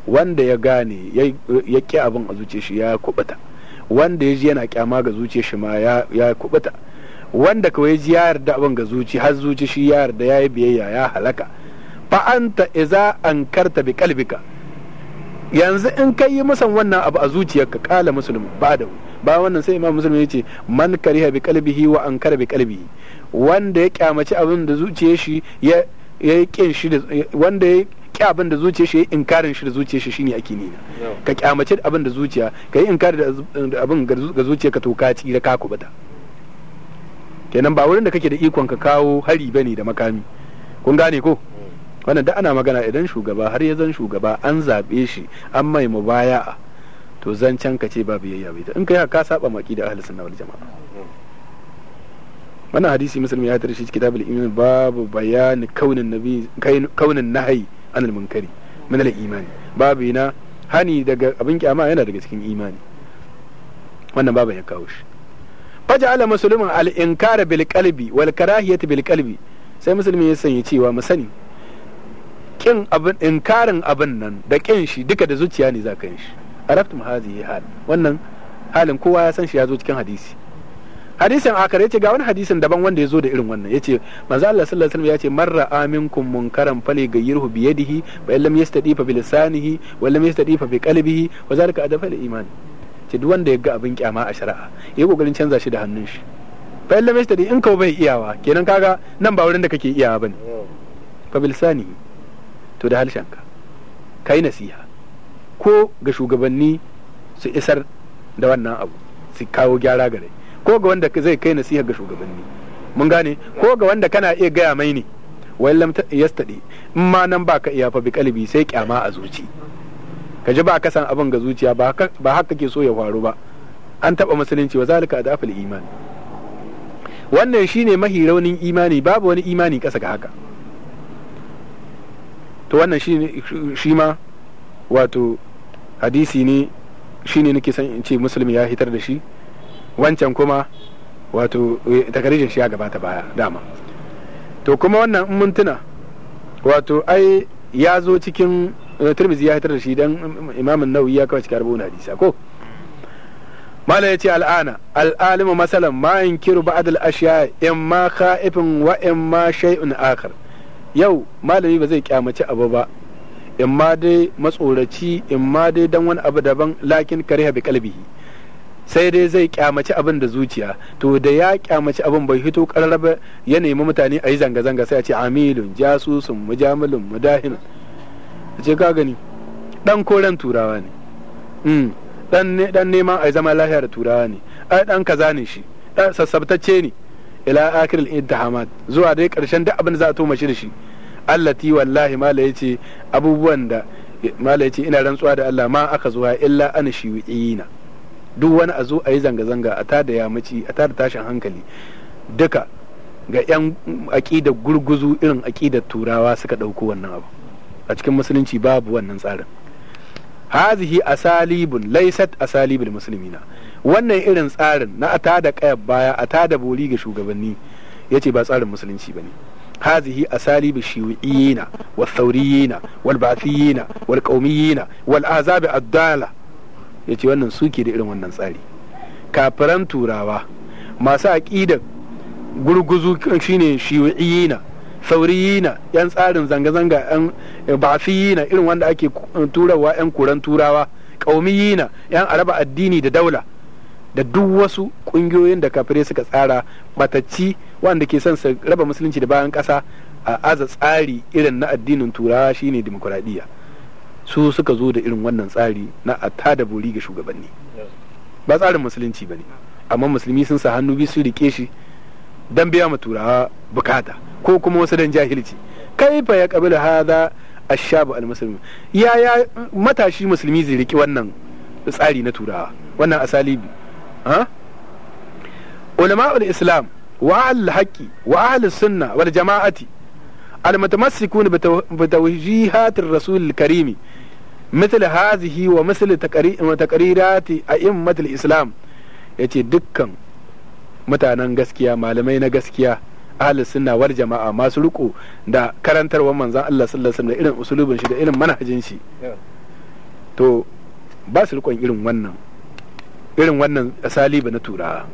wanda ya gane ya ƙi abin a zuciya shi ya kubuta wanda ya ji yana kyama ga zuciya shi ma ya kubuta wanda kawai ya ji ya yarda abin ga zuci har zuci shi ya yarda ya yi biyayya ya halaka fa anta iza karta bi kalbika yanzu in kai yi musan wannan abu a zuciyarka kala musulmi ba da ba wannan sai imam musulmi ya ce man kariha bi kalbihi wa ankara bi kalbi wanda ya kyamaci abin da zuciyar shi ya ya kin shi da wanda ya ki abin da zuciyar shi inkarin shi da zuciyar shi shine ake nina ka kyamace abin da zuciya ka yi inkari da abin ga zuciya ka to ka da ka kubata kenan ba wurin da kake da ikon ka kawo hari bane da makami kun gane ko wannan da ana magana idan shugaba har ya zan shugaba an zaɓe shi an mai mubaya'a to zancen ka ce ba biyayya bai in kai ka saba maki da ahlus sunna wal jama'a wannan hadisi musulmi ya tarishi kitabul iman babu bayani kaunin nabi kaunin nahyi anil munkari min al imani babu na hani daga abin kyama yana daga cikin imani wannan babu ya kawo shi faja'ala muslimin al inkara bil qalbi wal karahiyati bil qalbi sai musulmi ya sanya cewa mu sani kin abin inkarin abin nan da kin shi duka da zuciya ne za ka yi shi ya yi hal wannan halin kowa ya san shi ya zo cikin hadisi hadisin akar yace ga wani hadisin daban wanda ya zo da irin wannan yace manzo Allah sallallahu alaihi wasallam yace marra aminkum munkaran fali gayyirhu bi yadihi wa illam yastadi fa bi lisanihi wa illam yastadi fa bi qalbihi wa zalika adafa al iman ce duk wanda ya ga abin kyama a shari'a yayi kokarin canza shi da hannun shi fa illam yastadi in ka bai iyawa kenan kaga nan ba wurin da kake iyawa bane fa bi to da harshenka ka yi nasiha ko ga shugabanni su isar da wannan abu su kawo gyara gare ko ga wanda zai kai nasiha ga shugabanni mun gane ko ga wanda kana iya gaya mai ne wai lam yastadi in ma nan baka iya fa bi kalbi sai kyama a zuci ka ji ba ka san abin ga zuciya ba haka ke so ya faru ba an taba musulunci wa zalika adafil iman wannan shine mahi raunin imani babu wani imani kasa ga haka to wannan shi ma wato hadisi ne shi ne nake son in ce musulmi ya hitar da shi wancan kuma wato eh, takarijin shi ya gabata baya dama to kuma wannan in mun tuna wato ai ya zo cikin eh, turmizi ya hitar da shi don imamin nauyi ya kawo cikin arba'un hadisa ko mala ya ce al'ana al'alimu masalan ma kiru ba'ad ashiya in ma ka'ifin wa in ma shay'un akar. yau malami ba zai kyamaci abu ba in ma dai matsoraci in ma dai dan wani abu daban lakin kariha bi kalbihi sai dai zai kyamaci abin da zuciya to da ya kyamaci abin bai hito ba ya nemi mutane a yi zanga-zanga sai a ce amilun jasusun mujamilun a ce ka gani dan koren turawa ne dan hmm, neman a zama lahiyar turawa ne ai kaza ne shi sassabtacce ne ila al ittihamat zuwa dai karshen duk abin da za a tuma shi da shi allati wallahi mala yace abubuwan da mala yace ina rantsuwa da Allah ma aka zuwa illa an shiwi'ina duk wani a zo a yi zanga-zanga a tada yamaci a tada tashin hankali duka ga 'yan aƙidar gurguzu irin aƙidar turawa suka ɗauko wannan abu a cikin musulunci babu wannan tsarin hazihi asalibun laysat asalibul muslimina wannan irin tsarin na a tada kayan baya a tada bori ga shugabanni ya ce ba tsarin musulunci ba ne hazihi asali bi shiwiyina wa sauriyina wal basiyina wal qaumiyina wal azabi addala ya ce wannan suke da irin wannan tsari kafiran turawa masu aƙidar gurguzu shine shiwiyina sauriyina yan tsarin zanga-zanga yan basiyina irin wanda ake turawa yan kuran turawa ƙaumiyina yan araba addini da daula da duk wasu ƙungiyoyin da kafire suka tsara matacci wanda ke son su raba musulunci da bayan ƙasa a aza tsari irin na addinin turawa shine demokuraɗiyya su suka zo da irin wannan tsari na a tada bori ga shugabanni ba tsarin musulunci ba ne amma musulmi sun sa hannu biyu sun rike shi dan biya ma turawa bukata ko kuma wasu dan jahilci kaifa ya kabila hada ashabu almuslimin yaya matashi musulmi zai riki wannan tsari na turawa wannan asalibi ha ulama'ul islam wa al haqqi wa ahlus sunna wal jama'ati المتمسكون بتوجيهات الرسول الكريم مثل هذه ومثل تقريرات أئمة الإسلام يتي dukkan mutanen gaskiya malamai na gaskiya ahalin sunna wal jama'a masu riko da karantarwar manzan Allah sallallahu alaihi wasallam da irin usulubin shi da irin manhajin shi to ba su rikon irin wannan irin wannan saliba na turawa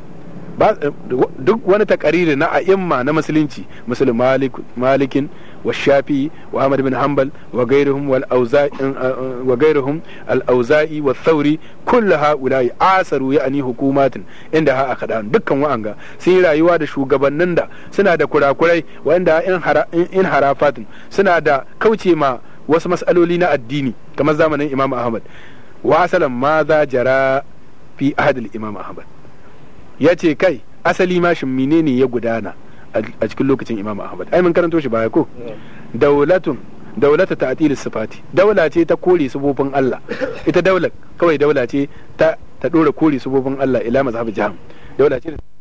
duk wani takariri na a'imma na musulunci musulun malikin wa shafi wa ahmad bin hanbal wa gairuhum eh, eh, eh, wa al-auza'i wa thauri ha ha'ula'i asaru ya'ani hukumatin inda ha aka dukkan wa'anga sun yi rayuwa da shugabannin da suna da kurakurai wa'anda in harafatin suna da kauce ma wasu mas'aloli na addini kamar zamanin imam ahmad wa asalan ma za jara fi ahadul imam ahmad ya ce kai asali mashin mine menene ya gudana a cikin lokacin imam ahmad ai mun karanto shi baya ko daulatun daulata ta'til sifati daula ce ta kore sabobin Allah ita daular kawai daula ce ta ta dora kore sabobin Allah ila mazhab jaham daula ce